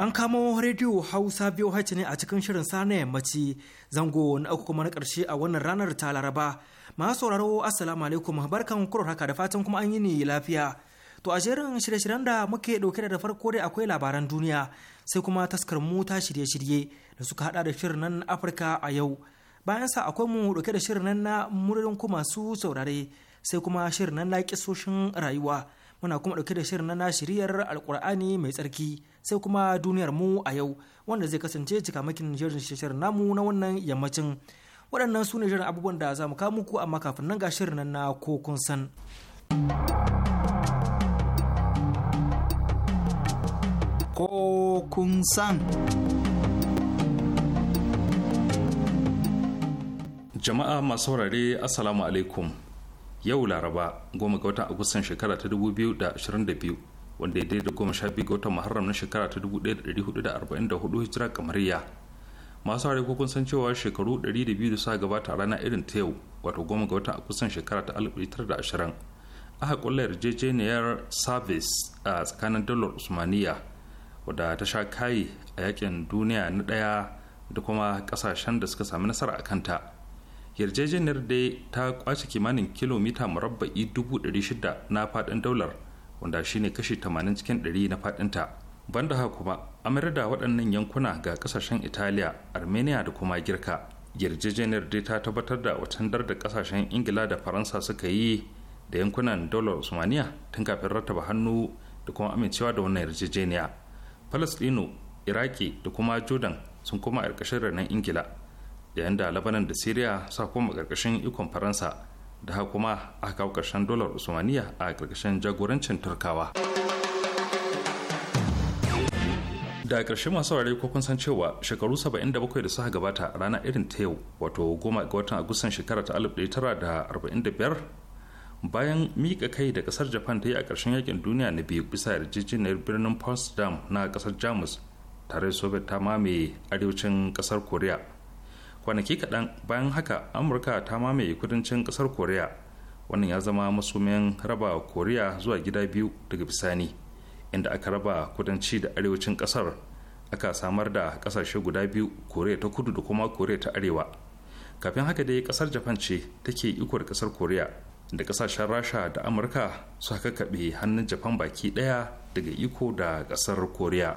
An kamo rediyo Hausa haice ne a cikin shirin sana yammaci zango na uku kuma na ƙarshe a wannan ranar ta Laraba. Masu sauraro Assalamu alaikum barkan kuro haka da fatan kuma an yi ni lafiya. To a jerin shirye-shiryen da muke ɗauke da farko dai akwai labaran duniya sai kuma taskar mu ta shirye-shirye da suka hada da shirin nan Afirka a yau. Bayan sa akwai mu ɗauke da shirin nan na muririn kuma masu saurare sai kuma shirin nan na kisoshin rayuwa. muna kuma ɗauke da shirin na nashiriyar alkur'ani mai tsarki sai kuma duniyar mu a yau wanda zai kasance cikamakin shirin shirin namu na wannan yammacin waɗannan su ne shirin abubuwan da za mu kawo muku amma kafin nan ga shirin nan na kokun san kokun san jama'a masu saurare assalamu alaikum yau laraba goma ga watan agustan shekara ta 2022 wanda ya daidai goma sha biyu ga watan muharram na shekara ta 1444 hijira kamariya masu hare kukun san cewa shekaru 200 da sa gabata a rana irin ta yau wato goma ga watan agustan shekara ta 1920 aka kulla yarjejeniyar service a tsakanin dalar usmaniya wadda ta sha kayi a yakin duniya na daya da kuma kasashen da suka sami nasara a kanta yarjejeniyar dai ta kwace kimanin kilomita murabba'i 600 na faɗin daular wanda shine kashi 80 cikin 100 na faɗinta banda haka kuma amir da waɗannan yankuna ga kasashen italiya armenia da kuma girka yarjejeniyar dai ta tabbatar da dar da kasashen ingila da faransa suka yi da yankunan daular usmaniya tun kafin rattaba hannu da kuma amincewa da wannan yarjejeniya palestino iraki da kuma jordan sun koma ƙarƙashin renon ingila yayin da labanan da syria sa kuma karkashin ikon faransa da haka kuma aka kaukashin karshen dolar usmaniya a karkashin jagorancin turkawa da karshe masu ware ko kun san cewa shekaru 77 da suka gabata rana irin ta yau wato goma ga watan agustan shekara ta 1945 bayan miƙa kai da ƙasar japan ta yi a karshen yakin duniya na biyu bisa yarjejeniyar birnin potsdam na kasar jamus tare soviet ta mamaye arewacin kasar korea kwanaki kaɗan bayan haka amurka ta mamaye kudancin ƙasar koriya wannan ya zama masumin raba koriya zuwa gida biyu daga bisani inda aka raba kudanci da arewacin ƙasar aka samar da ƙasashe guda biyu koriya ta kudu da kuma koriya ta arewa kafin haka dai ƙasar japan ce take iko da ƙasar koriya da ƙasashen rasha da amurka su haka kaɓe hannun japan baki ɗaya daga iko da ƙasar koriya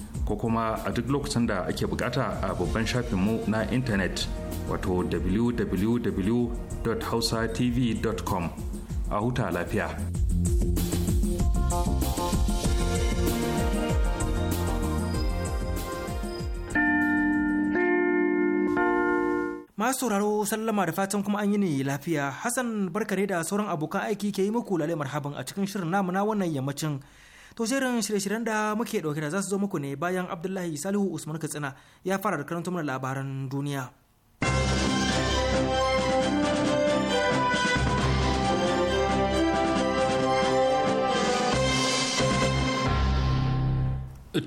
ko kuma a duk lokacin da ake bukata a babban shafinmu na intanet wato www.hausatv.com a huta lafiya. Masu sauraro sallama da fatan kuma an yi ne lafiya Hassan barka da sauran abokan aiki ke yi muku lalai marhaban a cikin shirin namuna na wannan yammacin to jerin shirye-shiryen da muke ɗauke da za su zo muku ne bayan abdullahi salihu usman katsina ya fara da karanta mana labaran duniya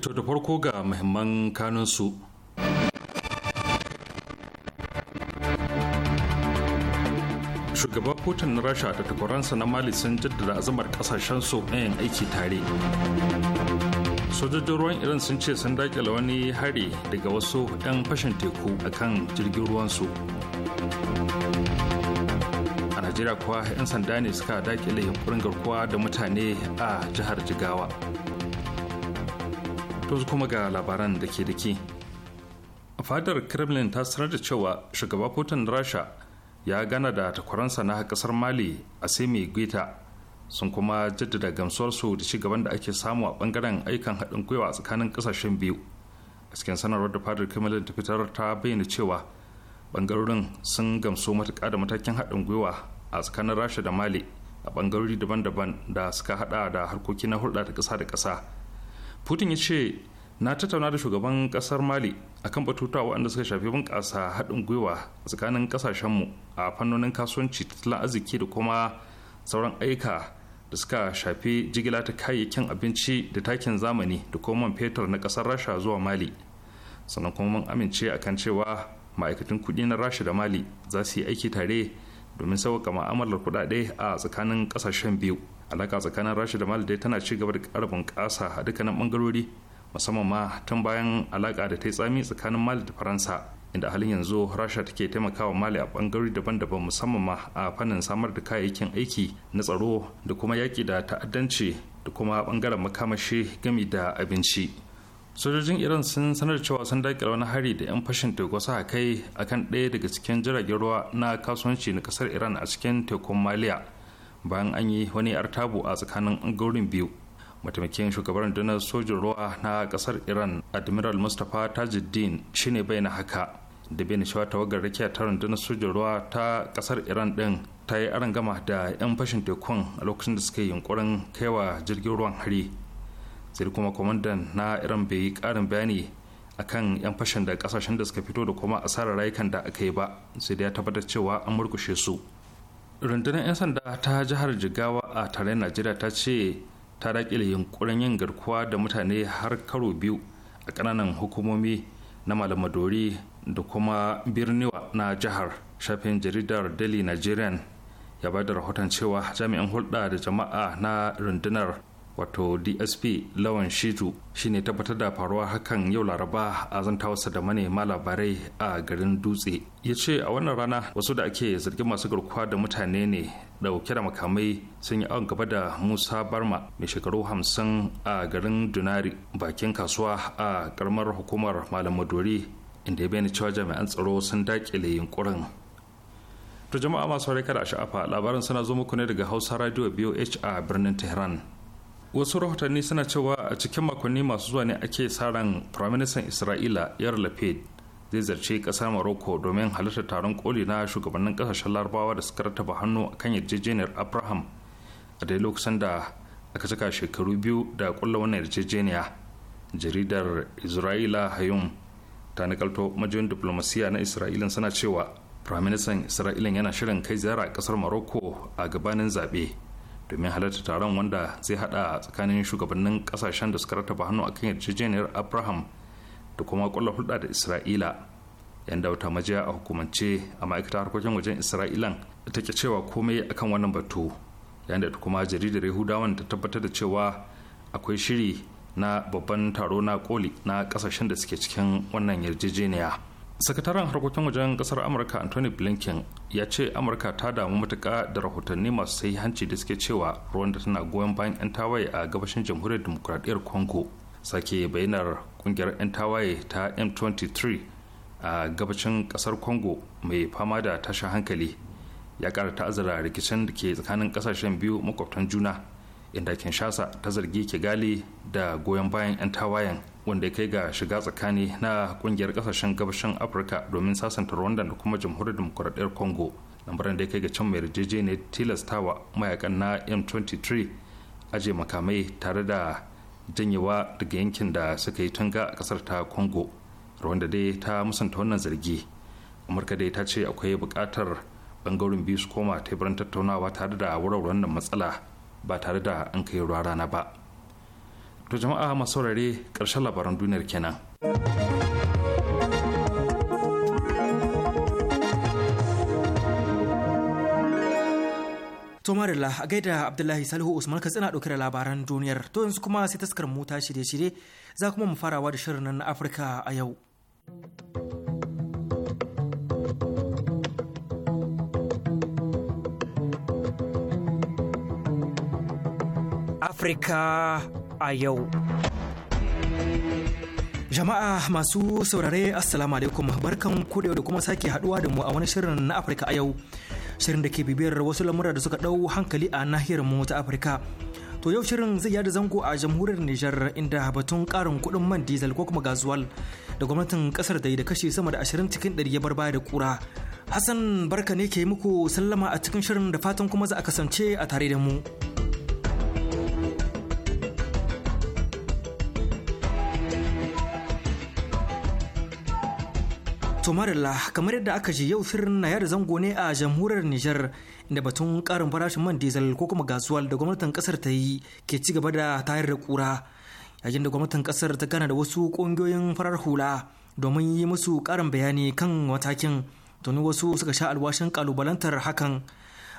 to da farko ga muhimman kanunsu shugaban putin na rasha da takwaransa na mali sun jaddada azamar kasashen su na yin aiki tare sojojin ruwan iran sun ce sun dakile wani hari daga wasu 'yan fashin teku akan jirgin ruwansu a najeriya kuwa 'yan sanda ne suka dakile yunkurin garkuwa da mutane a jihar jigawa to kuma ga labaran da ke da ke fadar kremlin ta sanar da cewa shugaba putin rasha ya gana da takwaransa na kasar mali a semi guita sun kuma jaddada gamsuwarsu da ci gaban da ake samu a bangaren aikan haɗin gwiwa tsakanin ƙasashen biyu a cikin sanarwar da fadar kremlin ta fitar ta bayyana cewa bangarorin sun gamsu matuƙa da matakin haɗin gwiwa a tsakanin rasha da mali a bangarori daban-daban da suka haɗa da harkoki na hulɗa da ƙasa da ƙasa putin ya ce na tattauna da shugaban kasar mali akan batutuwa waɗanda suka shafi bunƙasa haɗin gwiwa tsakanin ƙasashenmu a fannonin kasuwanci tattalin arziki da kuma sauran aika da suka shafi jigila ta kayayyakin abinci da takin zamani da kuma man fetur na ƙasar rasha zuwa mali sannan kuma mun amince akan cewa ma'aikatan kuɗi na rasha da mali za su yi aiki tare domin sauƙaƙa ma'amalar kuɗaɗe a tsakanin ƙasashen biyu alaƙa tsakanin rasha da mali dai tana ci gaba da ƙara bunƙasa a dukkanin ɓangarori musamman ma tun bayan alaka da ta yi tsami tsakanin mali da faransa inda halin yanzu rasha take taimakawa mali a bangarori daban-daban musamman ma a fannin samar da kayayyakin aiki na tsaro da kuma yaƙi da ta'addanci da kuma bangaren makamashi gami da abinci sojojin iran sun sanar cewa sun dakile wani hari da 'yan fashin teku sa kai akan ɗaya daga cikin jiragen ruwa na kasuwanci na ƙasar iran a cikin tekun maliya bayan an yi wani artabu a tsakanin gaurin biyu mataimakin shugaban rundunar sojin ruwa na kasar iran admiral mustapha tajuddin shine bai na haka da bin shawa tawagar rakiya ta rundunar sojin ruwa ta kasar iran din ta yi aron gama da 'yan fashin tekun a lokacin da suka yi yunkurin kaiwa jirgin ruwan hari sai kuma kwamandan na iran bai yi karin bayani akan 'yan fashin da kasashen da suka fito da kuma asarar rayukan da aka yi ba sai da ya tabbatar cewa an murkushe su rundunar 'yan sanda ta jihar jigawa a tare najeriya ta ce ta da yunkurin yin garkuwa da mutane har karo biyu a ƙananan hukumomi na malamadori da kuma birniwa na jihar shafin jaridar daily nigerian ya ba da rahoton cewa jami'an hulɗa da jama'a na rundunar wato dsp lawan shitu shine tabbatar da faruwa hakan yau laraba a zanta wasa da manema labarai a garin dutse ya ce a wannan rana wasu da ake zargin masu garkuwa da mutane ne dauke da makamai sun yi awon gaba da musa barma mai shekaru hamsin a garin dunari bakin kasuwa a karamar hukumar malam madori inda ya bayyana cewa jami'an tsaro sun dakile yunkurin to jama'a masu kada a sha'afa labarin suna zo muku ne daga hausa radio boh a birnin tehran wasu rahotanni suna cewa a cikin makonni masu zuwa ne ake sa ran firaministan isra'ila yar lafid zai zarce kasar morocco domin halartar taron koli na shugabannin kasashen larabawa da suka rattaba hannu a kan yarjejeniyar abraham a dai lokacin da aka cika shekaru biyu da kulla wannan yarjejeniya jaridar isra'ila hayum ta nakalto majiyoyin diplomasiya na isra'ilan suna cewa firaministan isra'ilan yana shirin kai ziyara a kasar morocco a gabanin zaɓe domin halarta taron wanda zai hada tsakanin shugabannin kasashen da suka rataba hannu kan yarjejeniyar abraham da kuma kwallon hulɗa da isra'ila yan dauta majiya a hukumance a ma'aikatar harkokin wajen isra'ilan da take cewa komai akan wannan batu yan da kuma jaridar yahudawan ta tabbatar da cewa akwai shiri na babban taro na koli na kasashen da suke cikin wannan yarjejeniya sakataren harkokin wajen kasar amurka anthony blinken ya ce amurka ta damu matuka da rahotanni masu sai hanci da suke cewa ruwan da tana goyon bayan 'yan tawaye a gabashin jamhuriyar demokuraɗiyyar congo sake bayyanar kungiyar 'yan tawaye ta m23 a gabashin kasar congo mai fama da tashin hankali ya kara ta'azzara rikicin da ke tsakanin kasashen biyu makwabtan juna inda kinshasa ta zargi ke kigali da goyon bayan 'yan tawayen wanda ya kai ga shiga tsakani na kungiyar kasashen gabashin afirka domin sasanta rwanda da kuma jamhuriyar demokuraɗiyar congo lambaran da ya kai ga can mai ne tilastawa mayakan na m23 aje makamai tare da janyewa daga yankin da suka yi tunga a kasar ta congo rwanda dai ta musanta wannan zargi amurka dai ta ce akwai bukatar bangaren biyu su koma teburin tattaunawa tare da wuraren wannan matsala ba tare da an kai ruwa rana ba to jama'a masu saurare ƙarshen labaran duniyar kenan To Marilla, a gaida Abdullahi Salihu Usman katsina tsina ɗauke da labaran duniyar. To yanzu kuma sai taskar mota shirye-shirye za kuma mu farawa da shirin na Afirka a yau. Afirka a yau. Jama'a masu saurare Assalamu alaikum barkan ku da kuma sake haduwa da mu a wani shirin na Afirka a yau. Shirin da ke bibiyar wasu lamura da suka ɗau hankali a nahiyar mu ta Afirka. To yau shirin zai yada zango a jamhuriyar Nijar inda batun karin kuɗin man diesel ko kuma gazuwal da gwamnatin kasar da yi da kashe sama da 20 cikin 100 ya bar da kura. Hassan barka ne ke muku sallama a cikin shirin da fatan kuma za a kasance a tare da mu. To marilla kamar yadda aka ji yau shirin na yada zango ne a jamhuriyar Nijar inda batun karin farashin man diesel ko kuma gasuwal da gwamnatin kasar ta yi ke ci gaba da tayar da kura yayin da gwamnatin kasar ta gana da wasu kungiyoyin farar hula domin yi musu karin bayani kan matakin tuni wasu suka sha alwashin kalubalantar hakan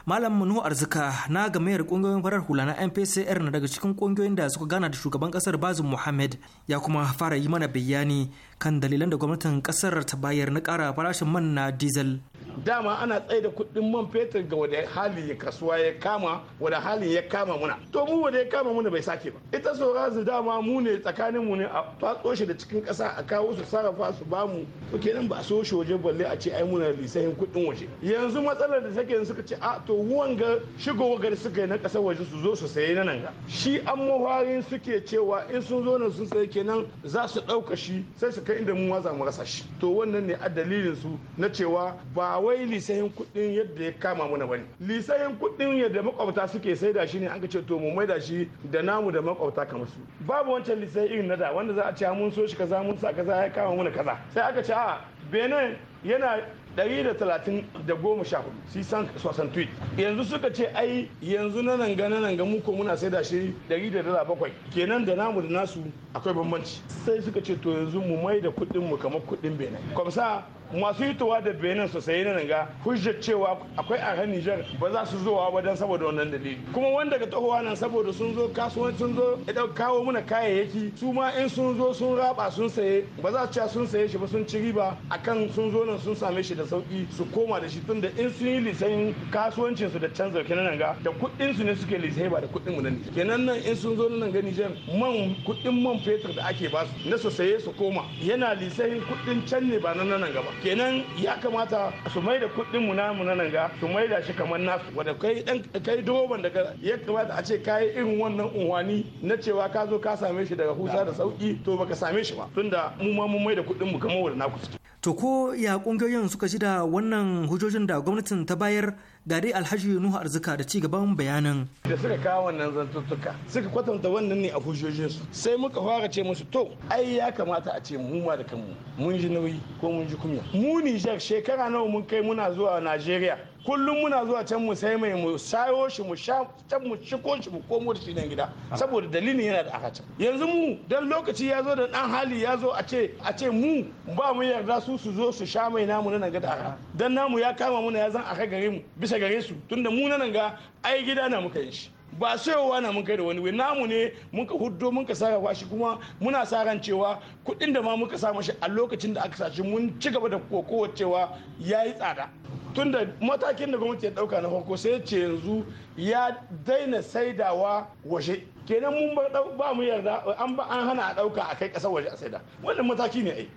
malam manu arzika na gamayar kungiyoyin farar hula na mpcr na daga cikin kungiyoyin da suka gana da shugaban kasar bazin muhammed ya kuma fara yi mana bayani kan dalilan da gwamnatin kasar ta bayar na kara farashin man na diesel dama ana tsaye da kuɗin man fetur ga wada hali ya kasuwa ya kama wada hali ya kama muna to mu wada ya kama muna bai sake ba ita razu dama mu ne tsakanin mu ne a fatso shi da cikin ƙasa a kawo su sarrafa su bamu to kenan ba so shi waje balle a ce ai muna lisahin kuɗin waje yanzu matsalar da take suka ce a to wanga shigo gari suka yi na ƙasar waje su zo su sayi na nan ga shi an mawarin suke cewa in sun zo nan sun sayi kenan za su ɗauka shi sai su kai inda mu ma za mu rasa shi to wannan ne a dalilin su na cewa ba wai lisayin kuɗin yadda ya kama mana bane lisayin kuɗin yadda makwabta suke saida shi ne an ka ce to mu maida shi da namu da makwabta kamar su babu wancan lisayin irin na da wanda za a ce mun so shi kaza mun sa kaza ya kama mana kaza sai aka ce a benin yana da da talatin goma sha hudu sosan tweet yanzu suka ce ai yanzu na nan ga nan ga mu ko muna sai da shi bakwai kenan da namu da nasu akwai bambanci sai suka ce to yanzu mu mai da kuɗin mu kamar kuɗin benin kwamsa masu hitowa da benin su sayi nan ga hujjar cewa akwai a nijar ba za su zowa ba don saboda wannan dalili kuma wanda ga tsohuwa nan saboda sun zo kasuwanci sun zo idan kawo muna kayayyaki su ma in sun zo sun raba sun saye ba za su ci sun saye shi ba sun ci riba akan sun zo nan sun same shi da sauki su koma da shi da in sun yi lisan kasuwancin su da canza nan ga da kuɗin su ne suke lisai ba da kuɗin mu nan kenan nan in sun zo nan ga Nijar man kuɗin man fetur da ake ba su na su saye su koma yana lisan kuɗin can ne ba nan nan gaba kenan ya kamata su mai da kuɗin mu namu na nan ga su mai da shi kamar nasu wanda kai dan kai doban daga ya kamata a ce kai irin wannan unwani na cewa ka zo ka same shi daga husa da sauki to baka same shi ba tunda mu ma mun mai da kuɗin mu kamar wanda naku to ko ya kungiyoyin suka ji da wannan hujojin da gwamnatin ta bayar gari alhaji nuhu arzika da ci gaban bayanin da suka kawo wannan zantuttuka suka kwatanta wannan ne a su sai muka fara ce musu to ai ya kamata a ce mu ma da kanmu mun ji nauyi ko mun ji kunya? mu nijar shekara nawa mun kai muna zuwa najeriya kullum muna zuwa can mu sai mai mu sayo shi mu sha can mu shiko shi mu komo da shi nan gida ah. saboda dalilin yana da aka can yanzu mu dan lokaci ya zo da dan hali ya zo a ce a ce mu ba mu yarda su su zo su sha mai namu nan gida aka ah. dan namu ya kama muna ya zan aka gare mu bisa gare su tunda mu nan ga ai gida na muka yin shi ba sayowa na mun kai da wani wai namu ne mun ka huddo mun ka sarrafa shi kuma muna sa ran cewa kuɗin da ma muka sa mashi a lokacin da aka sashi mun ci gaba da kokowar cewa yayi tsada tunda matakin da gwamnati ya dauka na farko sai ce yanzu ya daina saidawa waje kenan mun ba mu yarda an ba an hana a dauka a kai kasar waje a saida wannan mataki ne ai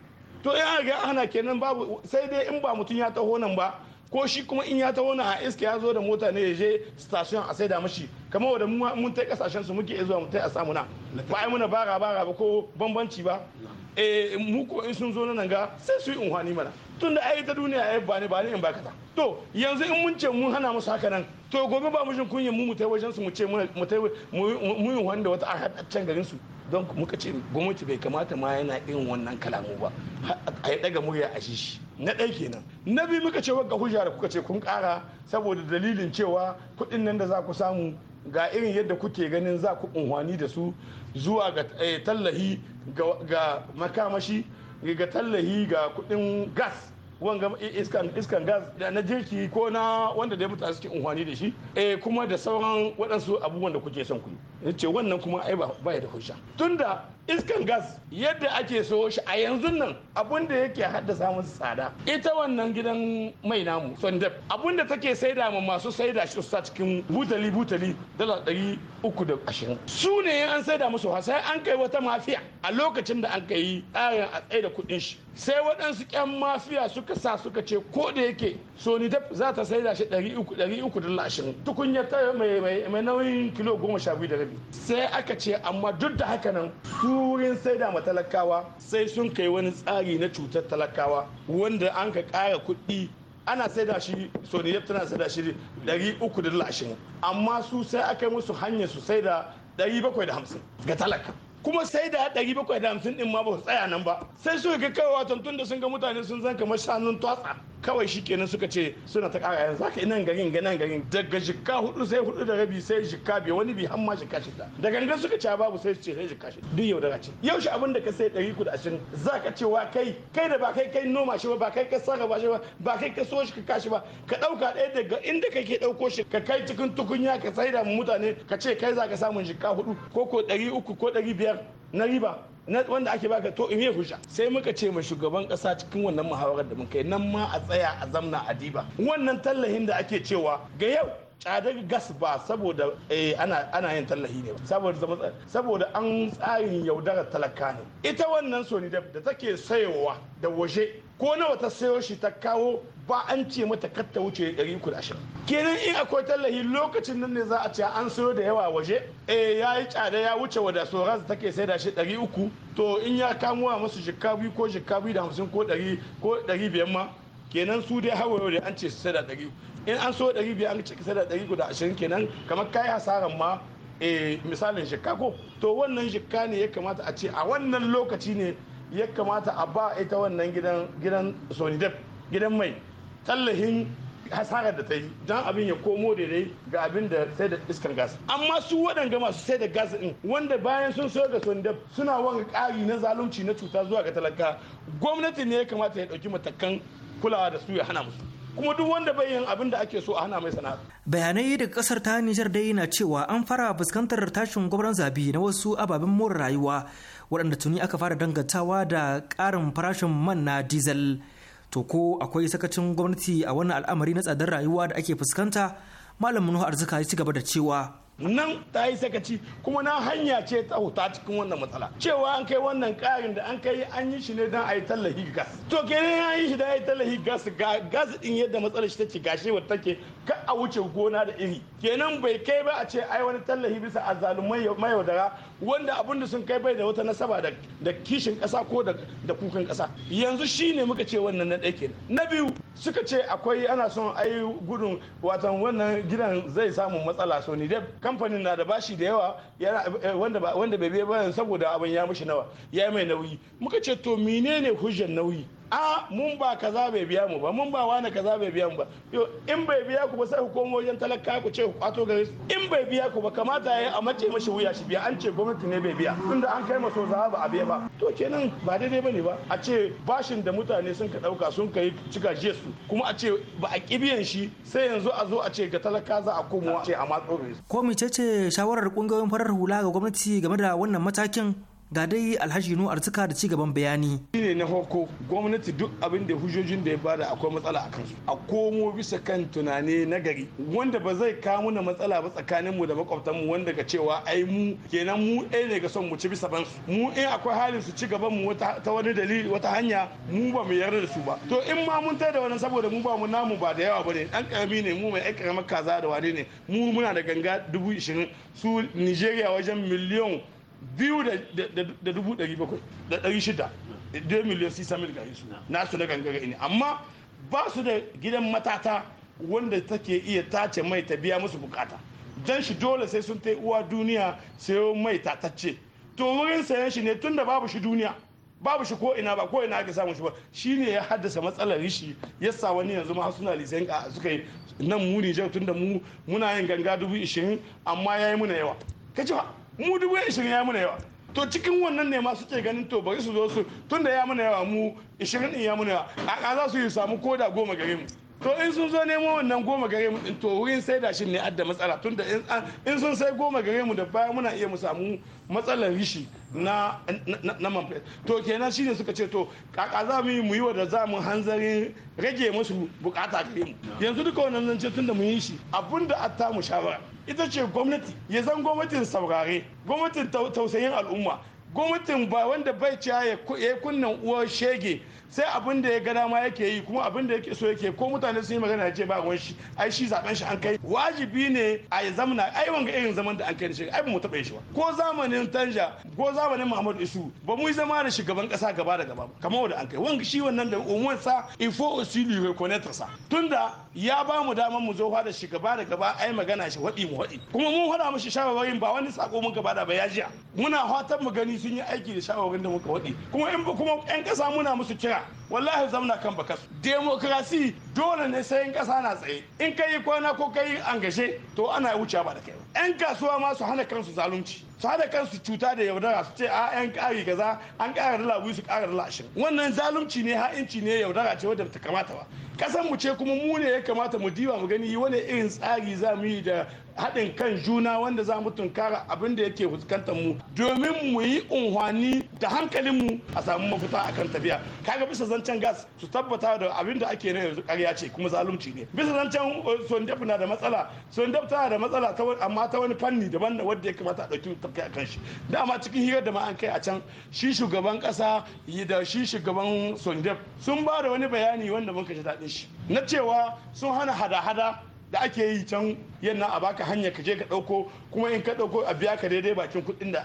to in ga hana kenan babu sai dai in ba mutum ya taho nan ba ko shi kuma in ya taho na a iska ya zo da mota ne ya je station a saida mashi kamar wanda mun tai kasashen su muke zuwa mu tai a samu na ba ai muna bara bara ba ko bambanci ba Eh, mu ko in sun zo nan ga sai su yi unhwani mana tun da ai ta duniya ai ba ne ba ne in ba ta. to yanzu in mun ce mun hana musu haka nan to gobe ba mu jin kunyan mu mu wajen su mu ce mu tai mu yi wanda wata a can garin su don muka ce gwamnati bai kamata ma yana irin wannan kalamu ba a yi daga murya a shi na ɗaya kenan na biyu muka ce wagga hujja da kuka ce kun ƙara saboda dalilin cewa kuɗin nan da za ku samu ga irin yadda kuke ganin za ku unhwani da su zuwa ga eh, tallahi ga makamashi ga tallahi ga kudin gas wanga iskan gas da na jirki ko na wanda da mutane suke unhwani da shi eh kuma da sauran waɗansu abubuwan da kuke son ku ce wannan kuma ai ba ya da hujja tunda iskan gas yadda ake so shi a yanzu nan abun da yake haddasa musu tsada ita wannan gidan mai namu sondep abun da take saida ma masu saida shi su cikin butali butali dala ɗari uku da ashirin su ne an saida musu sai an kai wata mafiya a lokacin da an kai tsarin a tsaye da kuɗin shi sai waɗansu 'yan mafiya suka sa suka ce ko da yake sony dep za ta saida shi ɗari uku ɗari uku dala ashirin tukunya ta mai nauyin kilo goma sha biyu da rabi sai aka ce amma duk da haka nan su wurin saida ma talakawa sai sun kai wani tsari na cutar talakawa wanda an ka ƙara kuɗi ana saida shi soniyar tana saida shi da uku lashin amma su sai aka yi musu hanyar su saida hamsin ga talaka kuma sai da ɗari bakwai da hamsin ɗin ma ba su tsaya nan ba sai su ga kawai watan tun da sun ga mutane sun zan kamar shanun tatsa kawai shi kenan suka ce suna ta kara yanzu haka nan garin ga nan garin daga jikka hudu sai hudu da rabi sai jikka biyu wani bi hamma jikka shida da gangan suka ce babu sai su ce sai jikka shida duk yau da ce yau shi abin da ka sai ɗari kudu ashirin za ka wa kai kai da ba kai kai noma shi ba ba kai ka sarrafa shi ba ba kai ka so shi ka kashi ba ka ɗauka ɗaya daga inda kai ke ɗauko shi ka kai cikin tukunya ka saida mu mutane ka ce kai za ka samu jikka hudu ko ko ɗari uku ko ɗari biyar na riba na wanda ake baka to me hujja sai muka ce ma shugaban kasa cikin wannan muhawarar da muka yi nan ma a tsaya a zamna a diba wannan tallahin da ake cewa ga yau tsadar gas ba saboda eh, ana yin tallahi ne saboda an tsarin yaudarar talaka ne ita wannan sonidab da take sayowa da waje ko nawa ta sayo shi ta kawo ba an ce mata kar ta wuce 320 kenan in akwai tallahi lokacin nan ne za a ce an sayo da yawa waje eh ya yi tsada ya wuce wada ta take sai da shi 300 to in ya kamuwa masu jikka biyu ko jikka biyu da hamsin ko 100 ko 500 ma kenan su dai hawa yau da an ce su sai da 100 in an so 500 an ce sai da 120 kenan kamar kai hasaran ma eh misalin jikka ko to wannan jikka ne ya kamata a ce a wannan lokaci ne ya kamata a ba ita wannan gidan gidan sonidep gidan mai tallahin hasarar da ta yi don abin ya komo daidai ga abin da sai da iskar gas amma su waɗanda masu sai da gas ɗin wanda bayan sun sayar da sondab suna wanga ƙari na zalunci na cuta zuwa ga talaka gwamnati ne ya kamata ya ɗauki matakan kulawa da su ya hana musu kuma duk wanda bai yin abin da ake so a hana mai sana'a. Bayanai daga kasar ta Nijar dai na cewa an fara fuskantar tashin gwamnan zabi na wasu ababen more rayuwa waɗanda tuni aka fara dangantawa da ƙarin farashin man na diesel. to ko akwai sakacin gwamnati a wannan al'amari na tsadar rayuwa da ake fuskanta malam manu arzika ya ci gaba da cewa nan ta yi sakaci kuma na hanya ce ta cikin wannan matsala cewa an kai wannan karin da an kai an yi shi ne don a yi tallahi gas to kenan an yi shi da a yi tallahi gas ga gas din yadda matsalar shi ta take gashi wata take ka a wuce gona da iri kenan bai kai ba a ce ai wani tallafi bisa azzalumai mayaudara wanda abin da sun kai bai da wata nasaba da kishin kasa ko da kukan kasa yanzu shi ne muka ce wannan na ɗaike na biyu suka ce akwai ana son ai gudun watan wannan gidan zai samu matsala so ni dai kamfanin na da bashi da yawa eh, wanda wanda bai biya bayan saboda abin ya mishi nawa ya mai nauyi muka ce to menene hujjar nauyi a mun ba kaza bai biya mu ba mun ba wani kaza bai biya mu ba yo in bai biya ku ba sai ku komo wajen talaka ku ce ku kwato gare in bai biya ku ba kamata yayi a mace mashi wuya shi biya an ce gwamnati ne bai biya da an kai maso za ba a biya ba to kenan ba daidai bane ba a ce bashin da mutane sun ka dauka sun kai cika jiya su kuma a ce ba a kibiyan shi sai yanzu a zo a ce ga talaka za a komo a ce a matso ko ce shawarar kungiyoyin farar hula ga gwamnati game da wannan matakin ga dai alhaji nu arzika da cigaban bayani ne na hoko gwamnati duk abin da hujojin da ya bada akwai matsala a kansu a komo bisa kan tunani na gari wanda ba zai kawo mana matsala ba tsakanin mu da makwabtan mu wanda ga cewa ai mu kenan mu ɗaya ne ga son mu ci bisa ban su mu in akwai halin su ci gaban mu ta wani dalili wata hanya mu ba mu yarda da su ba to in ma mun tada wannan saboda mu ba mu namu ba da yawa bane dan karami ne mu mai ɗan kaza da wane ne mu muna da ganga dubu ishirin su Nigeria wajen miliyan biyu da dubu ɗari bakwai da ɗari shida da miliyan sisa mil gari su na su gangare ne amma ba su da gidan matata wanda take iya tace mai ta biya musu bukata dan shi dole sai sun ta uwa duniya sayo mai tatacce to wurin sayan shi ne tun da babu shi duniya babu shi ko ina ba ko ina aka samu shi ba shi ne ya haddasa matsalar rishi yasa wani yanzu ma suna lisan ah, ka suka yi nan mu Nijar tun da mu muna yin ganga dubu ishirin amma yayi muna yawa kace ba mu dubu ishirin ya muna yawa to cikin wannan ne ma suke ganin to bari su zo su tunda ya muna yawa mu ishirin din ya muna yawa a za su yi samu koda goma gare mu to in sun zo nemo wannan goma gare mu to wurin sai da shi ne adda matsala tun da ah, in sun sai goma gare mu da baya muna iya mu samu matsalar rishi na na man to kenan shine suka ce to kaka za mu yi mu yi wa da za mu hanzarin rage musu bukata gare mu yanzu duka wannan zance tun da mu yi shi abinda atta mu shawara ita ce gwamnati ya zan gwamnatin saurare gwamnatin tausayin al'umma gwamnatin ba wanda bai ciya ya kunnan uwar shege sai abin da ya gada ma yake yi kuma abin da yake so yake ko mutane sun yi magana ya ce ba ruwan shi ai shi zaben shi an kai wajibi ne a yi zamana ai wanga irin zaman da an kai shi ai mu taɓa shi ba ko zamanin tanja ko zamanin muhammadu Isu ba mu yi zama da shugaban kasa gaba da gaba kamar da an kai wanga shi wannan da umuwan sa ifo osili reconnaître sa tunda ya ba mu damar mu zo da shi gaba da gaba ai magana shi waɗi mu waɗi kuma mun faɗa mashi shawarwarin ba wani sako mun gaba da ba ya jiya muna fatan mu gani sun yi aiki da shawarwarin da muka waɗi kuma in kuma 'yan kasa muna musu kira wallahi zamna kan baka su demokrasi dole ne sai in kasa na tsaye in kai kwana ko kai an gashe to ana wucewa ba da kai yan kasuwa ma su hana kansu zalunci su hana kansu cuta da yaudara su ce a yan kari kaza an kara dala biyu su kara dala ashirin wannan zalunci ne ha'inci ne yaudara ce wadda ta kamata ba kasan mu ce kuma mu ne ya kamata mu diba mu gani wani irin tsari za mu yi da haɗin kan juna wanda za mu tunkara abin da yake fuskantar mu domin mu yi unhwani da hankalin mu a samu mafita akan tafiya kaga bisa zancen gas su tabbata da abin da ake na yanzu ƙarya ce kuma zalunci ne bisa zancen uh, sondef na da matsala sondef tana da matsala amma ta wani fanni daban da wanda ya kamata a ɗauki tafiya akan shi dama cikin hirar da ma an kai a can shi shugaban ƙasa da shi shugaban sondef sun ba da wani bayani wanda mun kashe daɗin shi na cewa sun hana hada-hada da ake yi can yana a baka hanya ka je ka dauko kuma in ka dauko a biya ka daidai bakin kuɗin da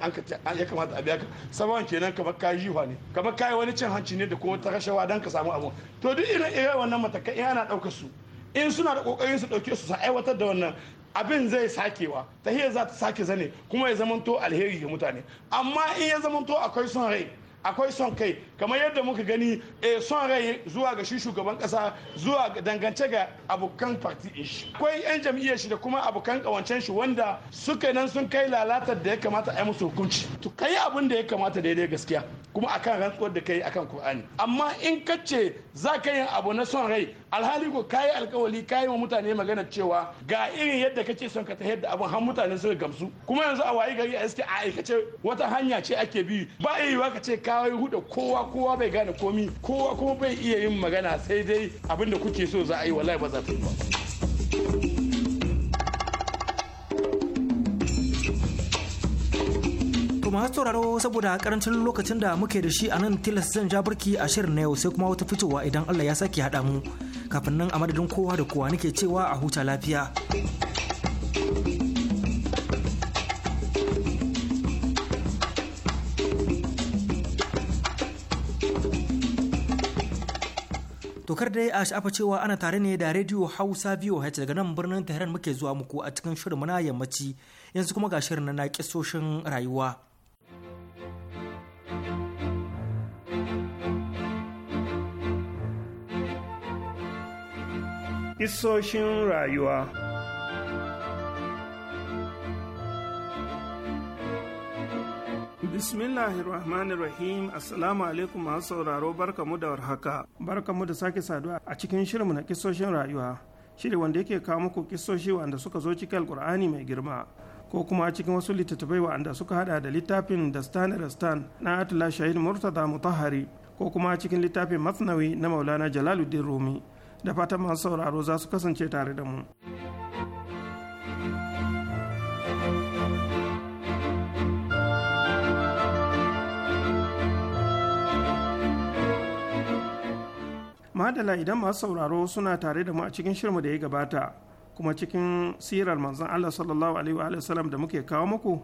ya kamata a biya ka saman kenan kamar ka yi ne kamar ka wani cin hanci ne da kuma ta rashawa don ka samu abu to duk irin irin wannan matakai ana dauka su in suna da kokarin su dauke su su aiwatar da wannan abin zai sakewa ta hiyar za ta sake zane kuma ya zamanto alheri ga mutane amma in ya zamanto akwai son rai akwai son kai kamar yadda muka gani eh, son rai zuwa ga shi shugaban kasa zuwa dangance ga abokan parti shi akwai yan jam'iyyar shi da kuma abokan kawancen shi wanda suka nan sun kai lalatar da ya kamata a yi musu hukunci to kai abin da ya kamata daidai gaskiya kuma akan rantsuwar da kai akan Kur'ani amma in kace ce za ka yin abu na son rai alhali ko kai alkawali kai wa mutane magana cewa ga irin yadda kake son ka ta yadda abin har mutane suka gamsu kuma yanzu a wayi gari a iske a aikace wata hanya ce ake bi ba iya yiwa kace ka ya huda kowa kowa bai gane komi kowa kuma bai iya yin magana sai dai abinda kuke so za a yi wallahi ba za ta yi ba masu sauraro saboda karancin lokacin da muke da shi a nan tilas zan ja birki a shirin na yau sai kuma wata fitowa idan Allah ya sake haɗa mu kafin nan a madadin kowa da kowa nake cewa a huta lafiya. Tokar dai a shafa cewa ana tare ne da Radio Hausa VOH daga nan birnin Tehran muke zuwa muku a cikin shirin muna yammaci yanzu kuma ga shirin na kisoshin rayuwa. Kisoshin rayuwa Bismillahirrahmanirrahim Assalamu alaikum masu sauraro barka barkamu da warhaka. mu da sake saduwa a cikin shirinmu na kisoshin rayuwa. Shiri wanda yake kawo muku kisoshi wanda suka zo cikin Alkur'ani mai girma. Ko kuma a cikin wasu littattafai wanda suka hada da littafin da da Rastan na Atula Shahid murtada Mutahari ko kuma a cikin littafin Masnawi na Maulana Jalaluddin Rumi. Da fatan masu sauraro za su kasance tare da mu. madala idan masu sauraro suna tare da mu a cikin shirmu da ya gabata kuma cikin sirar manzon Allah sallallahu alaihi wa da muke kawo muku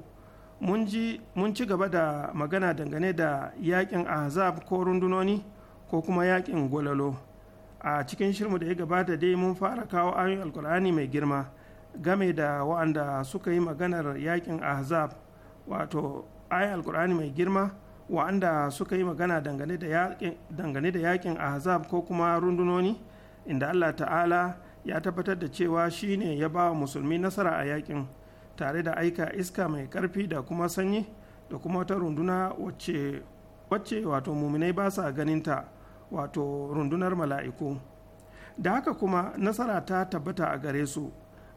mun mun ci gaba da magana dangane da yakin ahzab ko rundunoni ko kuma yakin gwalalo a cikin shirmu da ya gabata dai mun fara kawo ayoyin alkur'ani mai girma game da wa'anda suka yi maganar yakin ahzab wato ayoyin alkur'ani mai girma wa'anda suka yi magana dangane da yakin ahzab ko kuma rundunoni inda allah ta'ala ya tabbatar da cewa shi ne ya ba wa musulmi nasara a yakin tare da aika iska mai karfi da kuma sanyi da kuma wata runduna wacce wacce wato muminai ba sa ganinta wato rundunar mala'iku da haka kuma nasara ta tabbata a gare su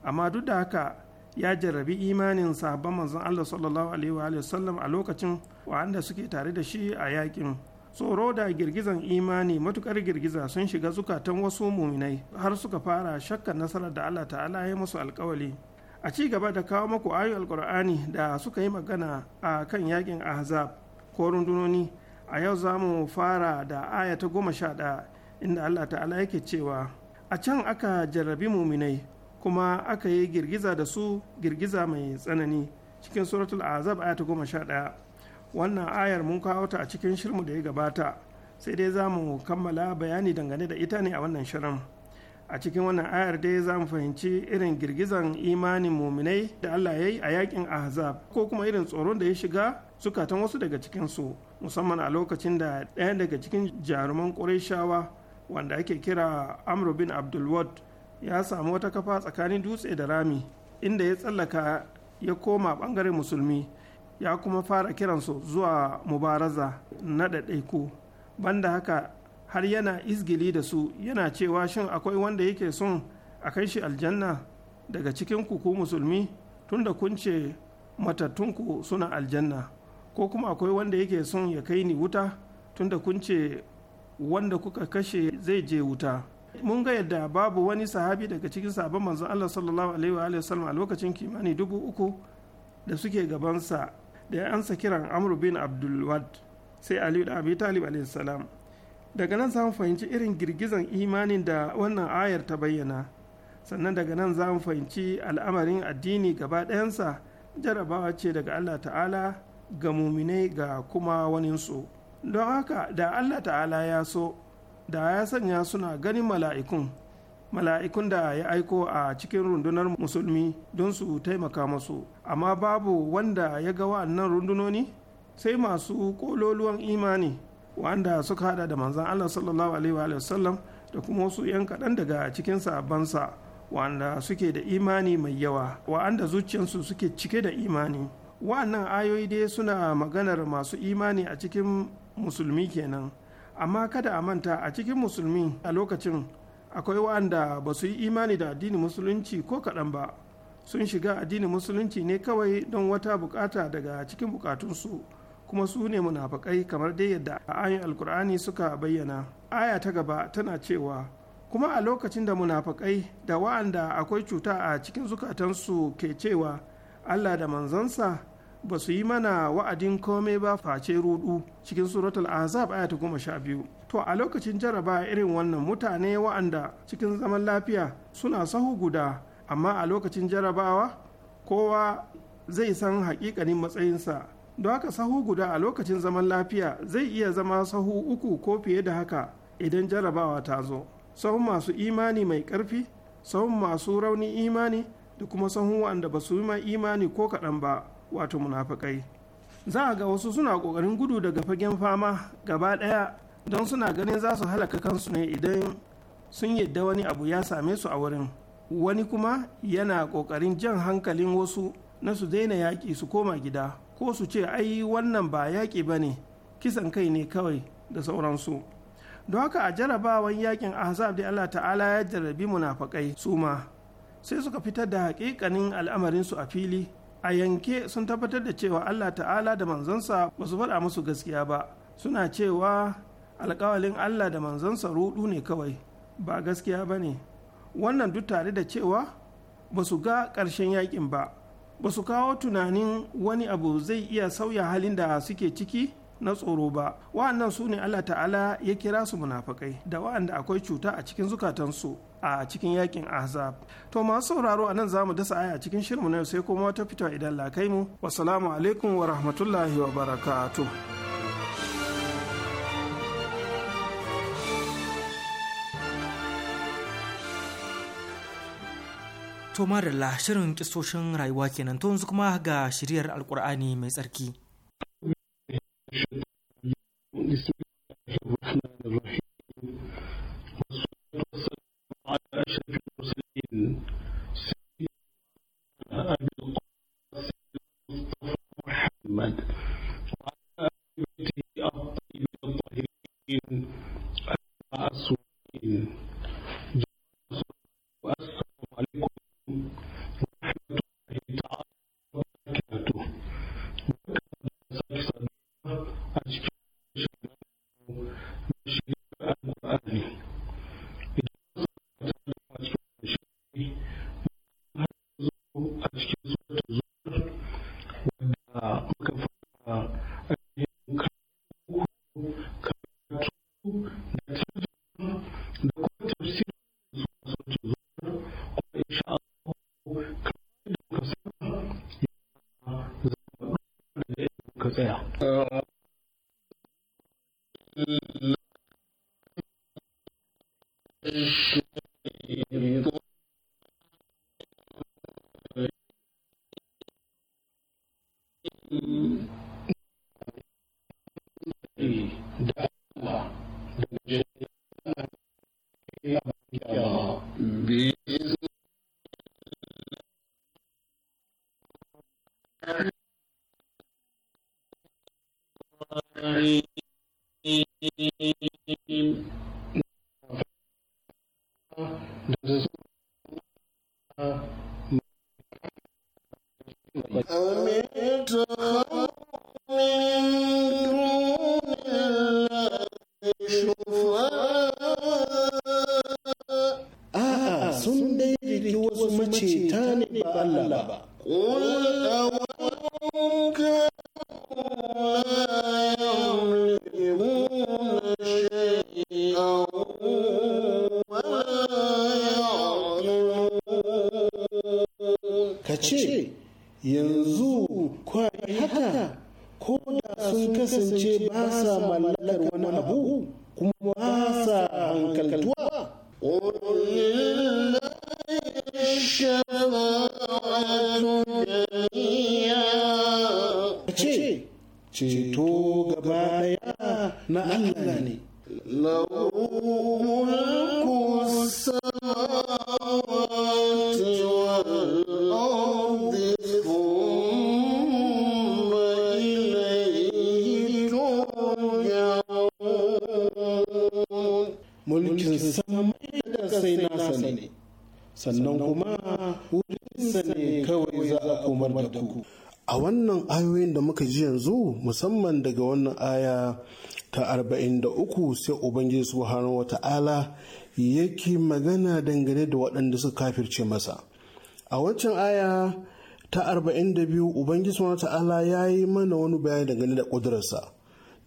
amma duk da haka ya jarrabi imanin sahabban manzon Allah sallallahu alaihi wa sallam a lokacin wa'anda suke tare da shi a yakin tsoro da girgizan imani matukar girgiza sun shiga zukatan wasu muminai har suka fara shakka nasarar da Allah ta'ala ya musu alkawali a ci gaba da kawo maku ayu alkur'ani da suka yi magana a kan yakin ahzab ko rundunoni a yau za mu fara da aya ta goma sha inda Allah ta'ala yake cewa a can aka jarrabi muminai kuma aka yi girgiza da su girgiza mai tsanani cikin suratul azab aya ta goma sha ɗaya wannan ayar mun kawo ta a cikin shirmu da ya gabata sai dai za mu kammala bayani dangane da ita ne a wannan shirin a cikin wannan ayar dai za mu fahimci irin girgizan imanin muminai da allah ya yi a yakin azab. ko kuma irin tsoron da ya shiga zukatan wasu daga cikinsu musamman a lokacin da ɗaya daga cikin jaruman shawa wanda ake kira amr bin abdulwad ya samu wata kafa tsakanin dutse da rami inda ya tsallaka ya koma bangaren musulmi ya kuma fara kiransu zuwa mubaraza na ɗaiɗaiku banda haka har yana izgili da su yana cewa shin akwai wanda yake son a kai shi aljanna daga cikin ku musulmi tunda kun ce matattunku suna aljanna ko kuma akwai wanda yake son ya kai ni wuta tunda kun ce wanda kuka kashe zai je wuta mun ga yadda babu wani sahabi daga cikin sabon manzon Allah sallallahu alaihi wa sallam a lokacin kimani dubu uku da suke gabansa da ya ansa kiran Amr bin Abdulwad sai Ali da Abi Talib alaihi salam daga nan zamu fahimci irin girgizan imanin da wannan ayar ta bayyana sannan daga nan zamu fahimci al'amarin addini gaba ɗayansa jarabawa ce daga Allah ta'ala ga muminai ga kuma waninsu don haka da Allah ta'ala ya so da ya sanya suna ganin mala'ikun mala'ikun da ya aiko a cikin rundunar musulmi don su taimaka masu amma babu wanda ya ga wa'annan rundunoni sai masu kololuwan imani wanda suka hada da manzan allah sallallahu alaihi wa sallam da kuma wasu 'yan kaɗan daga cikin sabansa wanda suke da imani mai yawa wa'anda zuciyarsu suke cike da imani wa'annan ayoyi dai suna maganar masu imani a cikin musulmi kenan amma kada a manta a cikin musulmi a lokacin akwai wa'anda ba su yi imani da addinin musulunci ko kaɗan ba sun shiga addinin musulunci ne kawai don wata bukata daga cikin bukatunsu kuma su ne munafakai kamar dai yadda a ayin alkur'ani suka bayyana aya ta gaba tana cewa kuma a lokacin da munafakai da wa'anda akwai cuta a cikin zukatansu ke cewa allah da manzansa ba su yi mana wa'adin komai ba face ruɗu cikin suratul azab aya ta goma sha biyu to a lokacin jaraba irin wannan mutane wa'anda cikin zaman lafiya suna sahu guda amma a lokacin jarabawa kowa zai san hakikanin matsayinsa don haka sahu guda a lokacin zaman lafiya zai iya zama sahu uku ko fiye da haka idan jarabawa ta zo sahun masu imani mai ƙarfi sahun masu rauni imani da kuma sahun wa'anda ba su yi ma imani ko kaɗan ba wato munafakai za a ga wasu suna ƙoƙarin gudu daga fagen fama gaba ɗaya don suna ganin za su halaka kansu ne idan sun yadda wani abu ya same su a wurin wani kuma yana ƙoƙarin jan hankalin wasu na su daina yaƙi su koma gida ko su ce ai wannan ba yaƙi ba ne kisan kai ne kawai da sauransu don haka a jarabawan yakin ahzab da allah ta'ala ya jarrabi munafakai su ma sai suka fitar da haƙiƙanin al'amarinsu a fili a yanke sun tabbatar da cewa allah ta'ala da manzansa ba su faɗa musu gaskiya ba suna cewa alkawalin allah da manzansa rudu ne kawai ba gaskiya ba ne wannan duk tare da cewa ba su ga ƙarshen yakin ba ba su kawo tunanin wani abu zai iya sauya halin da suke ciki na tsoro ba wa'annan su ne Allah ta'ala ya kira su munafakai da wa'anda akwai cuta a cikin zukatansu a cikin yakin ahzab to masu sauraro a nan za mu dasa aya a cikin shirinmu na yau sai kuma wata fito idan lakai mu wasalamu alaikum wa rahmatullahi wa barakatuh To madalla shirin kisoshin rayuwa kenan to yanzu kuma ga shiryar alkur'ani mai tsarki. بسم الله الرحمن الرحيم والصلاة والسلام على أشرف sai ubangiji subhanahu wata'ala yake magana dangane da waɗanda suka kafirce masa a wancan aya ta 42 ubangiji subhanahu wata'ala ya yi mana wani bayani dangane da ƙudurarsa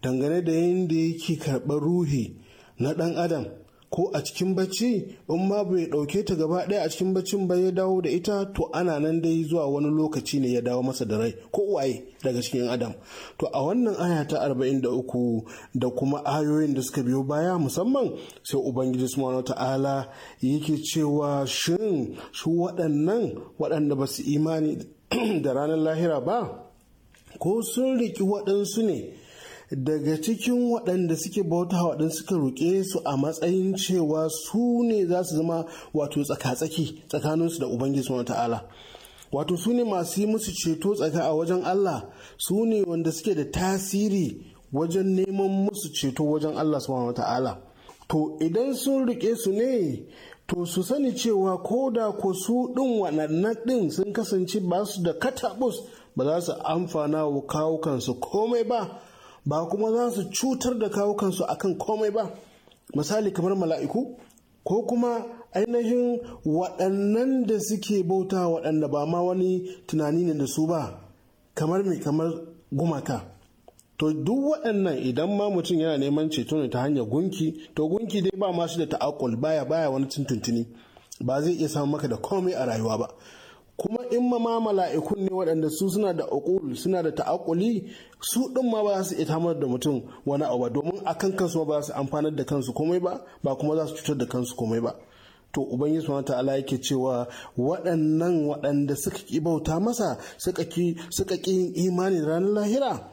dangane da yadda yake karɓar ruhi na ɗan adam ko a cikin bacci in ma bai ɗauke ta gaba ɗaya a cikin baccin ba ya dawo da ita to ana nan dai zuwa wani lokaci ne ya dawo masa da rai ko waye daga cikin adam to a wannan aya ta 43 da kuma ayoyin da suka biyo baya musamman sai ubangiji subhanahu ta'ala yake cewa shin su waɗannan waɗanda ba su imani da ranar lahira ba ko sun riki waɗansu ne daga cikin waɗanda suke bauta waɗanda suka roƙe su a matsayin cewa su ne za su zama wato tsaka tsakaninsu da ubangiji wa ta'ala wato su ne masu yi musu ceto tsaka a wajen allah su ne wanda suke da tasiri wajen neman musu ceto wajen allah subhanahu wa ta'ala to idan sun riƙe su ne to su sani cewa ko da ko su ɗin waɗannan ɗin sun kasance ba su da katabus ba za su amfana wa kawukansu komai ba ba kuma za su cutar da kawukansu a kan komai ba misali kamar mala'iku ko kuma ainihin waɗannan da suke bauta waɗanda ba ma wani tunani ne da su ba kamar mai kamar gumaka to duk waɗannan idan ma mutum yana neman ceto ne ta hanyar gunki to gunki dai ba masu da ta'akul baya baya wani tuntuntuni ba zai iya samun maka da komai a rayuwa ba kuma in ma ma mala'ikun ne waɗanda su suna da uqul suna da ta'akuli su ɗin ma ba su iya tamar da mutum wani abu ba domin a kan kansu ba su amfanar da kansu komai ba ba kuma za su cutar da kansu komai ba to ubangiji subhanahu ta'ala yake cewa waɗannan waɗanda suka ki bauta masa suka ki suka yin imani ranar lahira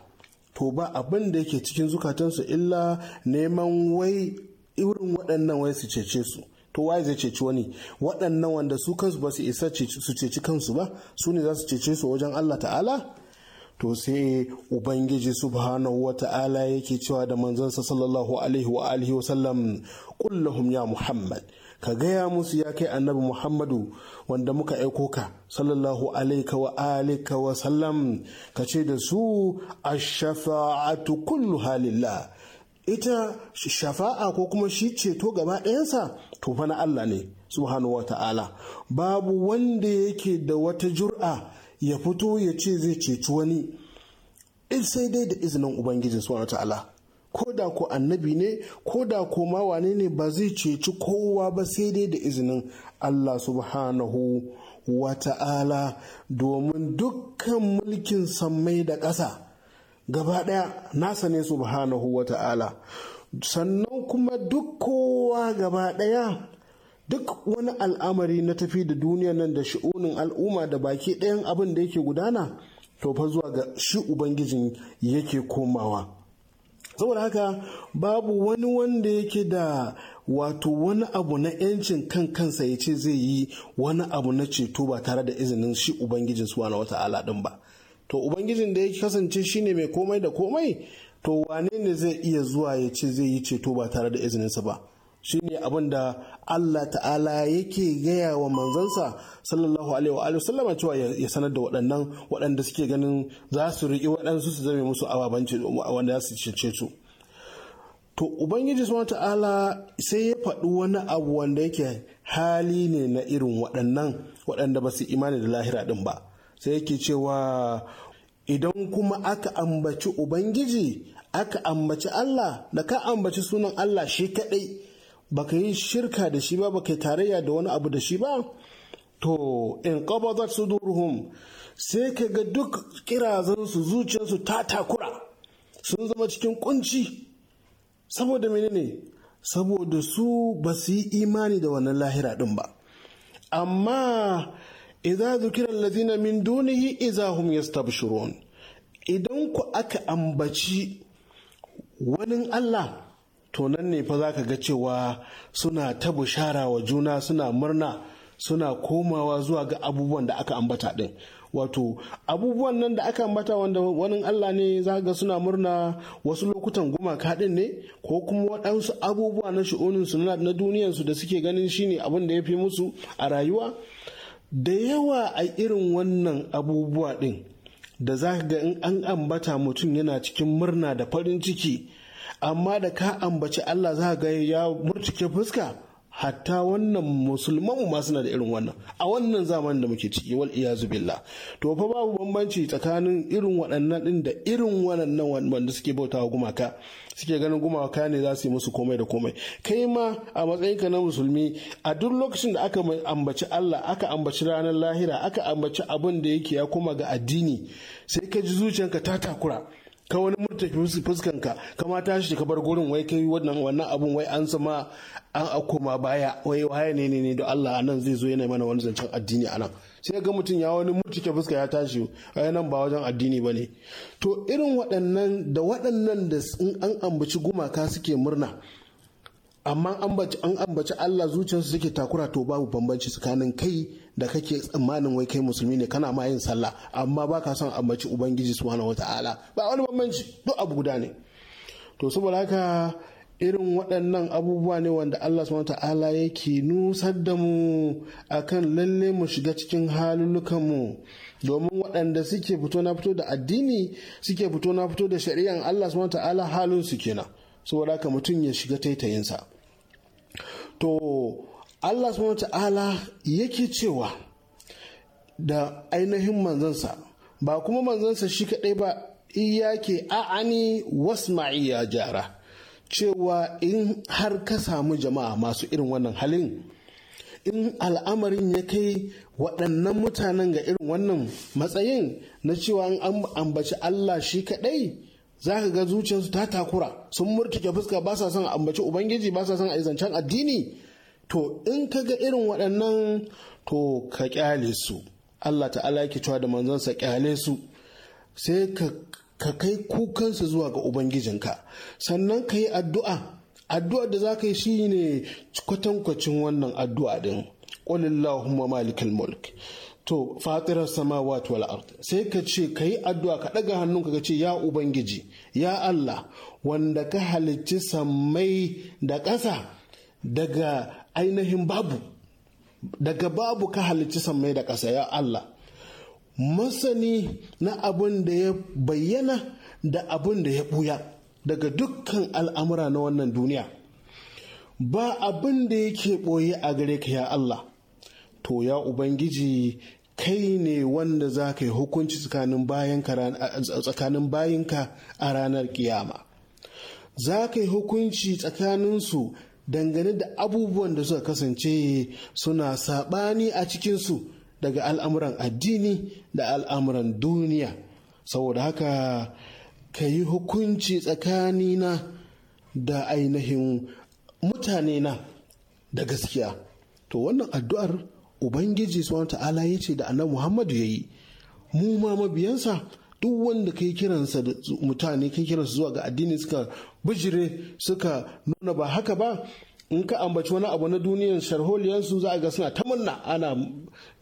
to ba abin da yake cikin zukatansu illa neman wai irin waɗannan wai su cece su to waye zai ceci wani waɗannan wanda su kansu ba su isa su ceci kansu ba su ne za su cece su wajen Allah ta'ala to sai ubangiji subhanahu wa ta'ala yake cewa da manzansa sallallahu alaihi wa alihi wa sallam kullahum ya muhammad ka gaya musu ya kai annabi muhammadu wanda muka aiko ka sallallahu alaihi wa alihi wa sallam ka ce da su ashafa'atu kullu halillah ita shafa'a ko kuma shi ceto gaba ɗayansa to fa na Allah ne subhanahu ta'ala. babu wanda yake da wata jur'a ya fito ya ce zai ceci wani sai dai da izinin ubangiji subhanahu ta'ala. ko da ko annabi ne ko da ko ma wane ne ba zai ceci kowa ba sai dai da izinin Allah subhanahu wa ta'ala. domin dukkan mulkin samai da ƙasa gaba ɗaya nasa ne subhanahu wa ta'ala sannan kuma duk kowa gaba ɗaya duk wani al'amari na tafi da duniya nan da shi'unin al'umma da baki ɗayan abin da yake gudana to fa zuwa ga shi ubangijin yake komawa saboda haka babu wani wanda yake da wato wani abu na 'yancin kan kansa ya ce zai yi wani abu na ceto ba tare da izinin shi ubangijin suwa na wata'ala din ba to ubangijin da ya kasance shine mai komai da komai to wane ne zai iya zuwa ya ce zai yi ceto ba tare da izininsa ba shine abin da Allah ta'ala yake gaya wa manzansa sallallahu alaihi wa sallama cewa ya sanar da waɗannan waɗanda suke ganin za su riƙi waɗansu su zame musu ababanci wanda za su cece su to ubangiji subhanahu ta'ala sai ya faɗi wani abu wanda yake hali ne na irin waɗannan waɗanda ba su imani da lahira ɗin ba sai yake cewa idan kuma aka ambaci ubangiji aka ambaci Allah da ka ambaci sunan Allah shi kadai baka yi shirka da shi ba baka yi tarayya da wani abu da shi ba to in qabadat suduruhum sai ka ga duk su zuciyarsu ta takura sun zama cikin kunci saboda menene saboda su ba su yi imani da wannan lahira din ba amma idza dhukira alladhina min dunihi hum idan ku aka ambaci wani Allah to nan ne fa zaka ga cewa suna ta bushara wa juna suna murna suna komawa zuwa ga abubuwan da aka ambata din wato abubuwan nan da aka ambata wanda wani Allah ne za ga suna murna wasu lokutan gumaka din ne ko kuma waɗansu abubuwa na su na duniyansu da suke ganin shine abin da ya fi musu a rayuwa da yawa a irin wannan abubuwa ɗin da za ga in an ambata mutum yana cikin murna da farin ciki amma da ka ambaci Allah za ga ya murtuke fuska hatta wannan musulman ma suna da irin wannan a wannan zamanin da muke ciki wal iyazu billah to fa babu bambanci tsakanin irin waɗannan din da irin waɗannan wanda suke bautawa gumaka suke ganin gumaka ne za su yi musu komai da komai kai ma a matsayin ka na musulmi a duk lokacin da aka ambaci Allah aka ambaci ranar lahira aka ambaci abin da yake ya kuma ga addini sai ka ji zuciyarka ta takura ka wani murta ka kama tashi ka bar gurin wai kai wannan wannan abun wai an sama an akoma baya wai waye ne ne da Allah nan zai zo yana mana wani zancen addini anan sai ga mutum ya wani murtuke fuska ya tashi ai nan ba wajen addini ba ne. to irin waɗannan da waɗannan da in an ambaci gumaka suke murna amma an ambaci Allah zuciyarsu suke takura to babu bambanci tsakanin kai da kake tsammanin wai kai musulmi ne kana ma yin sallah amma ba ka son ambaci ubangiji subhanahu wata'ala ba wani bambanci duk abu guda ne to saboda haka irin waɗannan abubuwa ne wanda Allah subhanahu ta'ala yake nusar da mu kan lalle mu shiga cikin halulukan mu domin waɗanda suke fito na fito da addini suke fito na fito da shari'an Allah subhanahu ta'ala halin su kenan saboda haka mutum ya shiga taitayinsa to Allah subhanahu ta'ala yake cewa da ainihin manzansa ba kuma manzansa shi kaɗai ba iyake a'ani wasma'i ya jara cewa in har ka samu jama'a masu irin wannan halin in al'amarin ya kai waɗannan mutanen ga irin wannan matsayin na cewa an ambaci Allah shi kaɗai za ka ga zuciyarsu ta takura sun murtuke fuska ba sa son ambaci ubangiji ba sa son a zancen addini to in ka ga irin waɗannan to ka ƙyale su Allah ta'ala yake cewa da manzansa kyale su sai ka kai kukansu zuwa ga ubangijinka sannan ka yi addu'a addu'ar da za ka yi shine kwatankwacin wannan addu'a din qulillahumma malikal mulk to fatirar samawati wal ard sai ka ce ka yi addu'a ka ɗaga hannunka ka ce ya ubangiji ya Allah wanda ka halicci sammai da ƙasa daga ainihin babu daga babu ka halicci sammai da ƙasa ya Allah masani na abin da ya bayyana da abin da ya ɓuya daga dukkan al'amura na wannan duniya ba abin da yake ɓoye a gare ka ya Allah to ya Ubangiji kai ne wanda za ka yi hukunci tsakanin bayinka a ranar ƙiyama? za ka yi hukunci tsakaninsu dangane da abubuwan da suka kasance suna saɓani a cikinsu daga al'amuran addini da al'amuran duniya saboda haka ka yi hukunci tsakanina da ainihin mutanena da gaskiya to wannan addu'ar ubangiji subhanahu ta'ala ya ce da annabi muhammadu ya yi mu ma mabiyansa duk wanda kai kiransa da mutane kai kiransa zuwa ga addini suka bijire suka nuna ba haka ba in ka ambaci wani abu na duniyan sharholiyansu za a ga suna ta ana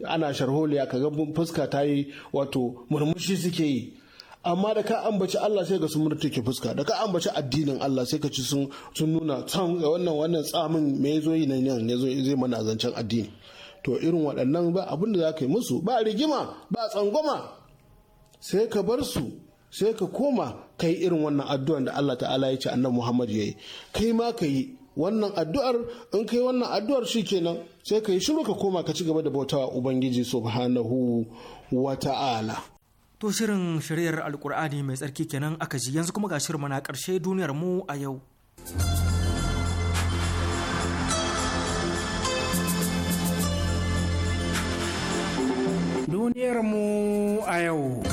ana sharholiya ga fuska ta yi wato murmushi suke yi amma da ka ambaci Allah sai ga sun ke fuska da ka ambaci addinin Allah sai ka ci sun nuna wannan wannan tsamin me yazo yi nan yazo zai mana zancen addini to irin waɗannan ba abin da za ka yi musu ba rigima ba tsangwama sai ka bar su sai ka koma ka yi irin wannan addu'ar da Allah ta'ala ya ce annabi Muhammad ya yi kai ma ka yi wannan addu'ar in kai wannan addu'ar shi kenan sai ka yi shiru ka koma ka ci gaba da bautawa ubangiji subhanahu wa ta'ala to shirin shari'ar alkur'ani mai tsarki kenan aka ji yanzu kuma ga shirin mana karshe duniyar mu a yau duniyarmu a yau.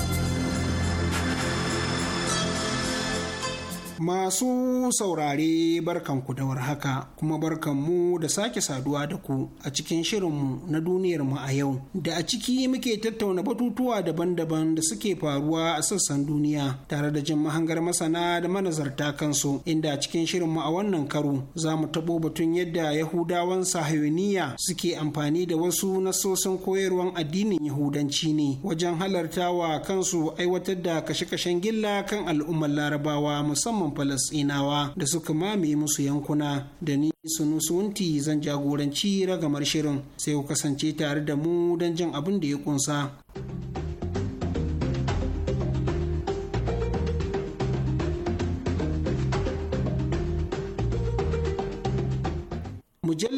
Masu saurare barkanku da warhaka kuma barkanmu da sake saduwa da ku a cikin shirinmu na duniyarmu a yau da a ciki muke tattauna batutuwa daban-daban da suke faruwa a sassan duniya tare da jin mahangar masana da manazarta kansu inda a cikin shirinmu a wannan karo za mu taɓo batun yadda Yahudawan sahayoniya suke amfani da wasu nasosin koyarwan addinin Yahudanci ne wajen halartawa kansu aiwatar da kashe-kashen gilla kan al'ummar Larabawa musamman kan falasɗinawa da suka mamaye musu yankuna da ni sunusunti zan jagoranci ragamar shirin sai ku kasance tare da mu don jin abin da ya ƙunsa.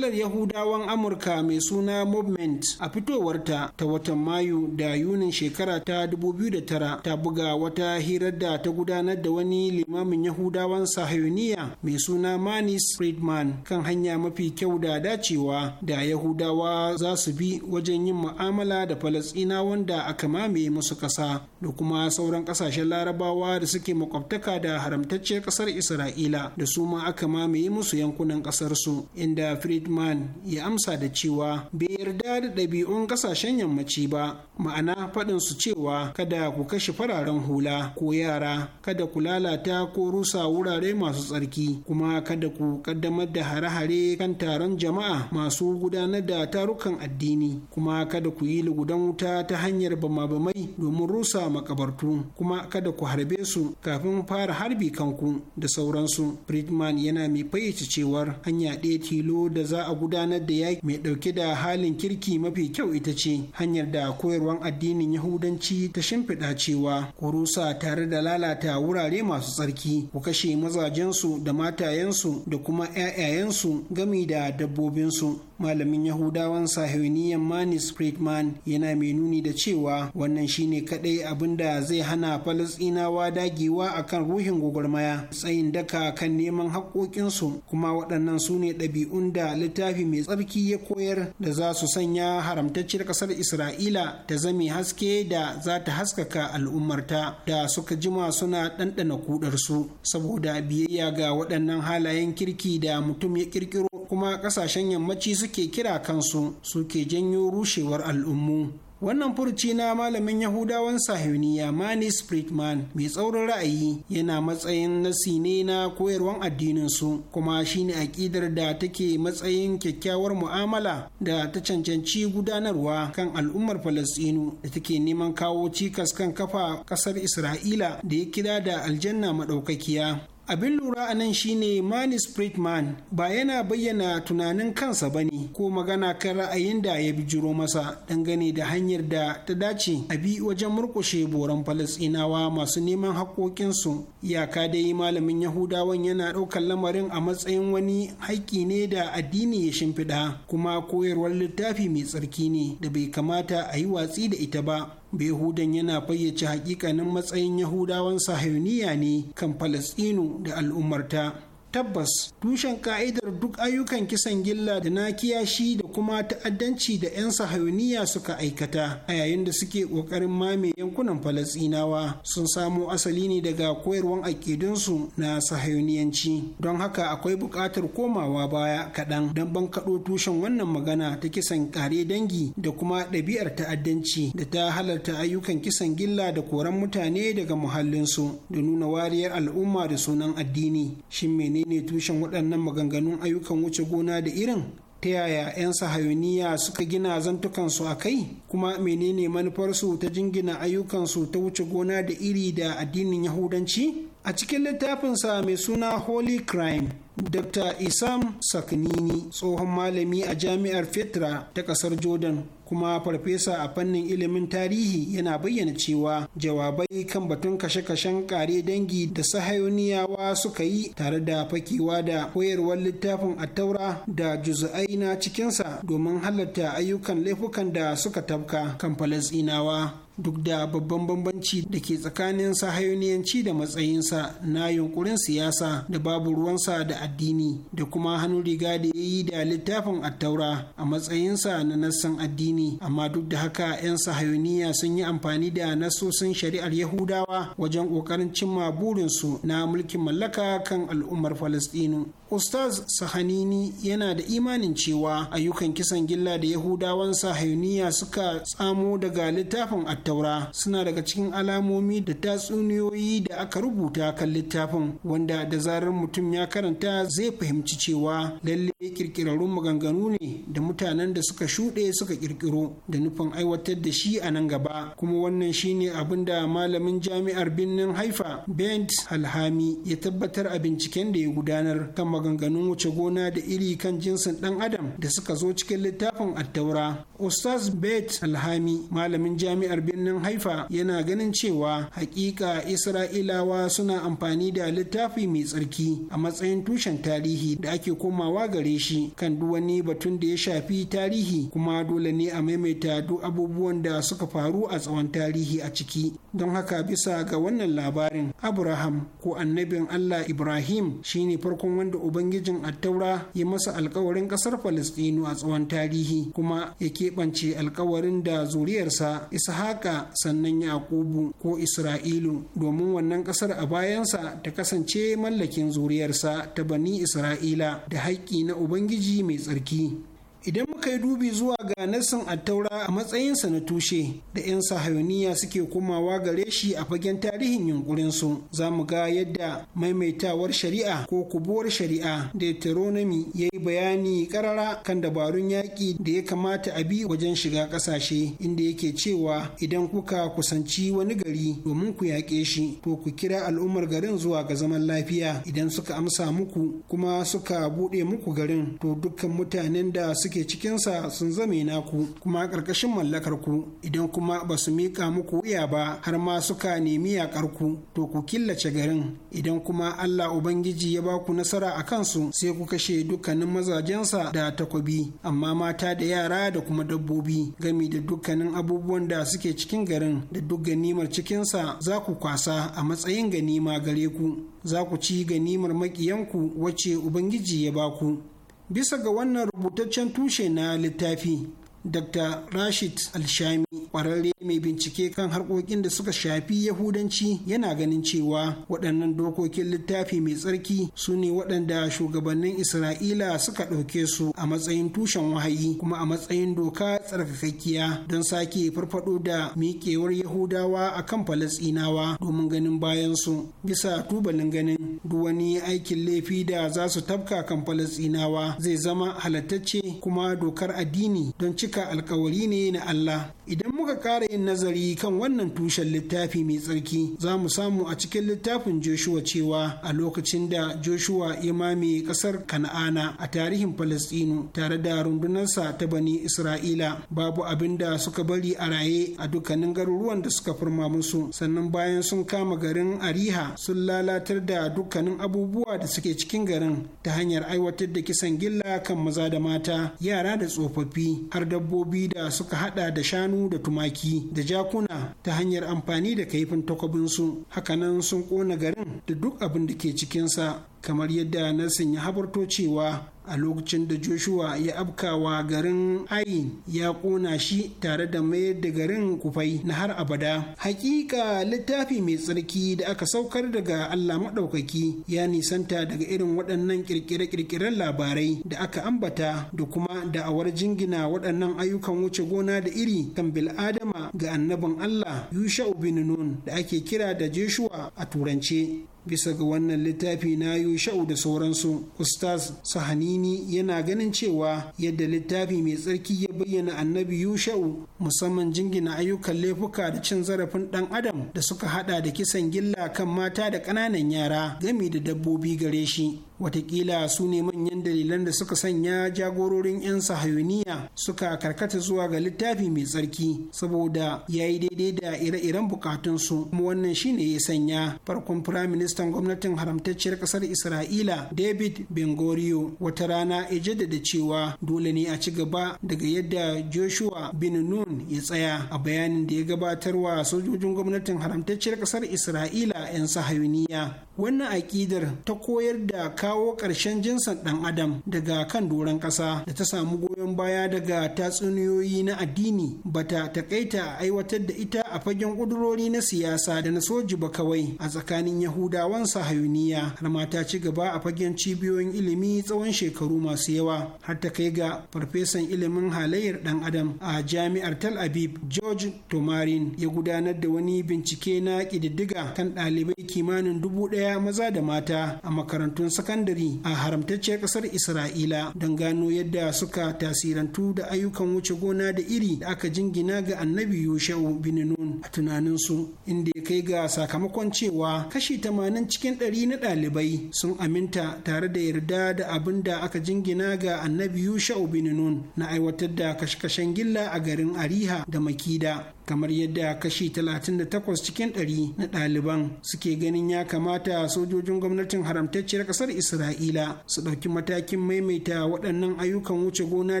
mujallar yahudawan amurka mai suna movement a fitowarta ta watan mayu da yunin shekara ta 2009 ta buga wata hirar da ta gudanar da wani limamin yahudawan sahayuniya mai suna manis friedman kan hanya mafi kyau da dacewa da yahudawa za su bi wajen yin ma'amala da falasina wanda aka mame musu kasa da kuma sauran ƙasashen larabawa da suke makwabtaka da haramtacciyar kasar isra'ila da su ma aka mamaye musu yankunan ƙasarsu inda friedman Rahman ya amsa da cewa bai yarda da ɗabi'un ƙasashen yammaci ba ma'ana faɗin su cewa kada ku kashe fararen hula ko yara kada ku lalata ko rusa wurare masu tsarki kuma kada ku ƙaddamar da hare-hare kan taron jama'a masu gudanar da tarukan addini kuma kada ku yi lugudan wuta ta hanyar bama-bamai domin rusa makabartu kuma kada ku harbe su kafin fara harbi kanku da sauransu Friedman yana mai fayyace cewar hanya ɗaya tilo da za a gudanar da yaƙi mai ɗauke da halin kirki mafi kyau ita ce hanyar da koyarwar addinin yahudanci ta shimfiɗa cewa ku tare da lalata wurare masu tsarki ku kashe mazajensu da matayensu da kuma 'ya'yayensu gami da dabbobinsu malamin yahudawan sahiyoniyan manis friedman yana mai nuni da cewa wannan shine kadai abin da zai hana falasinawa dagewa akan ruhin gwagwarmaya tsayin daka kan neman haƙoƙinsu kuma waɗannan su ne ɗabi'un da littafi mai tsarki ya koyar da za su sanya haramtacciyar ƙasar isra'ila ta zame haske da za ta haskaka al'ummarta da suka jima suna ɗanɗana kudarsu saboda biyayya ga waɗannan halayen kirki da mutum ya ƙirƙiro kuma kasashen yammaci suke kira kansu suke janyo rushewar al'ummu wannan furci na malamin yahudawan sahiyoniya manis Spritman mai tsaurin ra'ayi yana matsayin nasi ne na koyarwan addininsu kuma shine aƙidar da take matsayin kyakkyawar mu'amala da ta cancanci gudanarwa kan al'ummar falasɗinu da take neman kawo cikas kan kafa ƙasar isra'ila da ya kira da aljanna maɗaukakiya abin lura a nan shine manis friedman ba yana bayyana tunanin kansa ba ne ko magana kan ra'ayin da ya bijiro masa dangane da hanyar da ta dace a bi wajen murkushe boran falasinawa masu neman haƙoƙinsu iyaka dai malamin yahudawan yana ɗaukar lamarin a matsayin wani haƙƙi ne da addini ya shimfiɗa kuma koyarwar littafi mai tsarki ne da bai kamata a yi watsi da ita ba behudan yana fayyace hakikanin matsayin yahudawan sahayuniya ne kan falasɗinu da al'ummarta tabbas tushen ka'idar duk ayyukan kisan gilla da na kiyashi da kuma ta'addanci da 'yan sahayoniya suka aikata a yayin da suke ƙoƙarin mame yankunan falasinawa sun samo asali ne daga koyarwan aƙidunsu na sahayoniyanci don haka akwai buƙatar komawa baya kaɗan don ban kaɗo tushen wannan magana ta kisan ƙare dangi da kuma ɗabi'ar ta'addanci da ta halarta ayyukan kisan gilla da koran mutane daga muhallinsu da nuna wariyar al'umma da sunan addini shin menene menene tushen waɗannan maganganun ayyukan wuce gona da irin ta yaya 'yan sahayoniya suka gina zantukansu a kai kuma menene manufarsu ta jingina ayyukansu ta wuce gona da iri da addinin yahudanci A cikin littafinsa mai suna Holy Crime, Dr. Isam Saknini tsohon malami a jami'ar Fetra ta ƙasar Jordan kuma farfesa a fannin ilimin tarihi yana bayyana cewa jawabai kan batun kashe-kashen kare dangi da sahayoniyawa suka yi tare da fakewa da koyarwar littafin attaura da juz'ai na cikinsa domin halatta ayyukan laifukan da suka tafka kan falasinawa duk da babban bambanci da ke tsakanin sahayoniyanci da matsayinsa na yunkurin siyasa da babu ruwansa da addini da kuma hannun riga da ya yi da littafin attaura a matsayinsa na nassan addini amma duk da haka 'yan sahayoniya sun yi amfani da nassosin shari'ar yahudawa wajen ƙoƙarin cimma burinsu na mulkin mallaka kan al'ummar falastinu Ustaz Sahanini yana da imanin cewa ayyukan kisan gilla da Yahudawan Sahayuniya suka tsamo daga littafin Attaura suna daga cikin alamomi da tatsuniyoyi da aka rubuta kan littafin wanda da zarar mutum ya karanta zai fahimci cewa lalle kirkirarrun maganganu ne da mutanen da suka shuɗe suka kirkiro da nufin aiwatar da shi a nan gaba kuma wannan shine abin da malamin jami'ar birnin Haifa Bent Alhami ya tabbatar a binciken da ya gudanar kan maganganun wuce gona da iri kan jinsin ɗan adam da suka zo cikin littafin attaura ustaz bet alhami malamin jami'ar birnin haifa yana ganin cewa hakika isra'ilawa suna amfani da littafi mai tsarki a matsayin tushen tarihi da ake komawa gare shi kan duk wani batun da ya shafi tarihi kuma dole ne a maimaita duk abubuwan da suka faru a tsawon tarihi a ciki don haka bisa ga wannan labarin abraham ko annabin allah ibrahim shine farkon wanda ubangijin attaura ya masa alkawarin kasar falistinu a tsawon tarihi kuma ya keɓance alkawarin da zuriyarsa ishaka sannan yakubu ko isra'ilu domin wannan kasar a bayansa ta kasance mallakin zuriyarsa ta bani isra'ila da haƙƙi na ubangiji mai tsarki idan muka yi dubi zuwa ga nassin attaura a matsayinsa na tushe da 'yan sahayoniya suke komawa gare shi a fagen tarihin su za mu ga yadda maimaitawar shari'a ko kubuwar shari'a deuteronomy ya yi bayani karara kan dabarun yaƙi da ya kamata a bi wajen shiga ƙasashe inda yake cewa idan kuka kusanci wani gari domin ku yaƙe shi to ku kira al'ummar garin zuwa ga zaman lafiya idan suka amsa muku kuma suka buɗe muku garin to dukkan mutanen da suke suke cikinsa sun zame naku kuma ƙarƙashin mallakar ku idan kuma ba su miƙa muku wuya ba har ma suka nemi yaƙar ku to ku killace garin idan kuma Allah Ubangiji ya ba ku nasara a kansu sai ku kashe dukkanin mazajensa da takobi amma mata da yara da kuma dabbobi gami da dukkanin abubuwan da suke cikin garin da duk ganimar cikinsa za ku kwasa a matsayin ganima gare ku za ku ci ganimar makiyanku wacce Ubangiji ya ba ku bisa ga wannan rubutaccen tushe na littafi Dr. Rashid Alshami kwararre mai bincike kan harkokin da suka shafi Yahudanci yana ganin cewa waɗannan dokokin littafi mai tsarki su ne waɗanda shugabannin Isra'ila suka ɗauke su a matsayin tushen wahayi kuma a matsayin doka tsarkakakkiya don sake farfado da miƙewar Yahudawa a kan Falasɗinawa domin ganin bayan su bisa tubalin ganin duk wani aikin laifi da za su tafka kan Falasɗinawa zai zama halattacce kuma dokar addini don cika cika alkawari ne na Allah. Idan muka ƙara yin nazari kan wannan tushen littafi mai tsarki, za mu samu a cikin littafin Joshua cewa a lokacin da Joshua ya mame ƙasar Kana'ana a tarihin Falastinu tare da rundunarsa ta bani Isra'ila, babu abin da suka bari a raye a dukkanin garuruwan da suka firma musu. Sannan bayan sun kama garin Ariha sun lalatar da dukkanin abubuwa da suke cikin garin ta hanyar aiwatar da kisan gilla kan maza da mata, yara da tsofaffi har da dabbobi da suka hada da shanu da tumaki da jakuna ta hanyar amfani da kaifin takwabinsu hakanan sun kona garin da duk abin da ke cikinsa kamar yadda Nelson ya habarto cewa a lokacin da joshua ya abkawa garin ayin ya kona shi tare da mayar da garin kufai na har abada hakika littafi mai tsarki da aka saukar daga allah maɗaukaki ya nisanta daga irin waɗannan kirkire-kirkiren labarai da aka ambata da kuma da'awar jingina waɗannan ayyukan wuce gona da iri kan bil'adama ga annabin allah yusha bin nun da ake kira da joshua a turance bisa ga wannan littafi na yusha'u da sauransu ustaz sahanini yana ganin cewa yadda littafi mai tsarki ya bayyana annabi yusha'u musamman jingina ayyukan laifuka da cin zarafin dan adam da suka hada da kisan gilla kan mata da ƙananan yara gami da dabbobi gare shi watakila su ne manyan dalilan da suka sanya jagororin 'yan sahayuniya suka karkata zuwa ga littafi mai tsarki saboda ya yi daidai da ire-iren bukatunsu kuma wannan shine ya sanya farkon firaministan gwamnatin haramtacciyar kasar isra'ila david Bengorio wata rana ya jaddada cewa dole ne a ci gaba daga yadda joshua bin nun ya tsaya a bayanin da ya gabatarwa sojojin gwamnatin haramtacciyar kasar isra'ila 'yan sahayuniya wannan aƙidar ta koyar da kawo ƙarshen jinsin ɗan adam daga kan doron ƙasa da ta samu goyon baya daga tatsuniyoyi na addini bata takaita a aiwatar da ita a fagen ƙudurori na siyasa da na soji ba kawai a tsakanin yahudawan sahayuniya har ma ta ci gaba a fagen cibiyoyin ilimi tsawon shekaru masu yawa har ta kai ga farfesan ilimin halayyar ɗan adam a jami'ar tal aviv george tomarin ya gudanar da wani bincike na ƙididdiga kan ɗalibai kimanin dubu ɗaya maza da mata a makarantun sakandare sakandare a haramtacciyar kasar isra'ila don gano yadda suka tasirantu da ayyukan wuce gona da iri da aka jingina ga annabi yushau bin nun a tunaninsu inda ya kai ga sakamakon cewa kashi tamanin cikin ɗari na ɗalibai sun aminta tare da yarda da abin da aka jingina ga annabi yushau bin nun na aiwatar da kashe-kashen gilla a garin ariha da makida kamar yadda kashi 38 cikin 100 na ɗaliban suke ganin ya kamata sojojin gwamnatin haramtacciyar ƙasar isra'ila isra'ila su ɗauki matakin maimaita waɗannan ayyukan wuce gona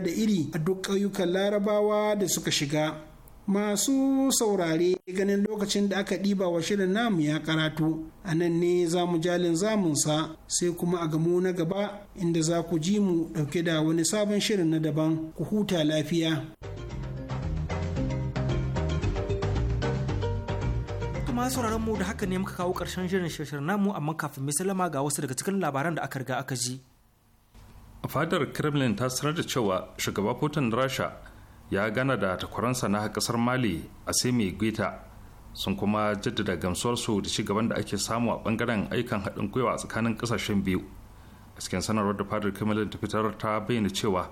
da iri a duk ayyukan larabawa da suka shiga masu saurare ganin lokacin da aka ɗiba wa shirin namu ya karatu a nan ne za mu jalin zamunsa sai kuma a gamo na gaba inda za ku ji mu ɗauke da wani sabon shirin na daban ku huta lafiya. ma sauraron mu da haka ne muka kawo ƙarshen shirin shirshir namu amma kafin mai sallama ga wasu daga cikin labaran da aka riga aka ji. Fadar Kremlin ta sanar da cewa shugaba Putin Rasha ya gana da takwaransa na kasar Mali a Semi Guita sun kuma jaddada gamsuwarsu da ci gaban da ake samu a bangaren aikan haɗin gwiwa tsakanin kasashen biyu. A cikin sanarwar da Fadar Kremlin ta fitar ta bayyana cewa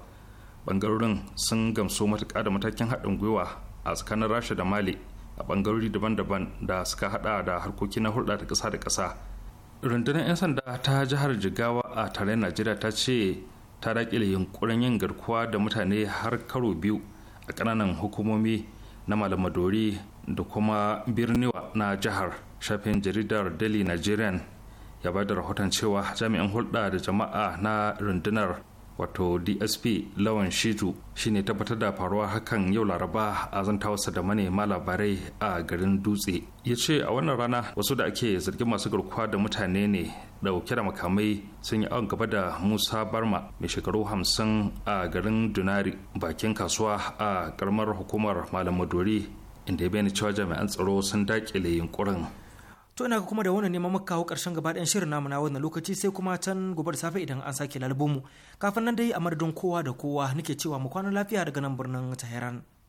bangarorin sun gamsu matuƙa da matakin haɗin gwiwa a tsakanin Rasha da Mali a bangarori daban-daban da suka hada da harkoki na hulɗa da ƙasa da ƙasa rundunar 'yan sanda ta jihar jigawa a tare najeriya ta ce ta daƙile yunkurin yin garkuwa da mutane har karo biyu a ƙananan hukumomi na malamadori da kuma birniwa na jihar shafin jaridar daily nigerian ya ba da rahoton cewa jami'an hulɗa da jama'a na rundunar wato dsp lawan shitu shine tabbatar da faruwa hakan yau laraba a zanta wasa da manema labarai a garin dutse ya ce a wannan rana wasu da ake zargin masu garkuwa da mutane ne dauke da makamai sun yi awon gaba da musa barma mai shekaru hamsin a garin dunari bakin kasuwa a karamar hukumar malam maduri inda ya bayyana cewa jami'an tsaro sun dakile yunkurin to ina kuma da wannan neman muka kawo karshen gaba ɗayan shirin namu na wannan lokaci sai kuma can gobe da safe idan an sake lalbomu kafin nan dai a madadin kowa da kowa nake cewa mu kwana lafiya daga nan birnin Tehran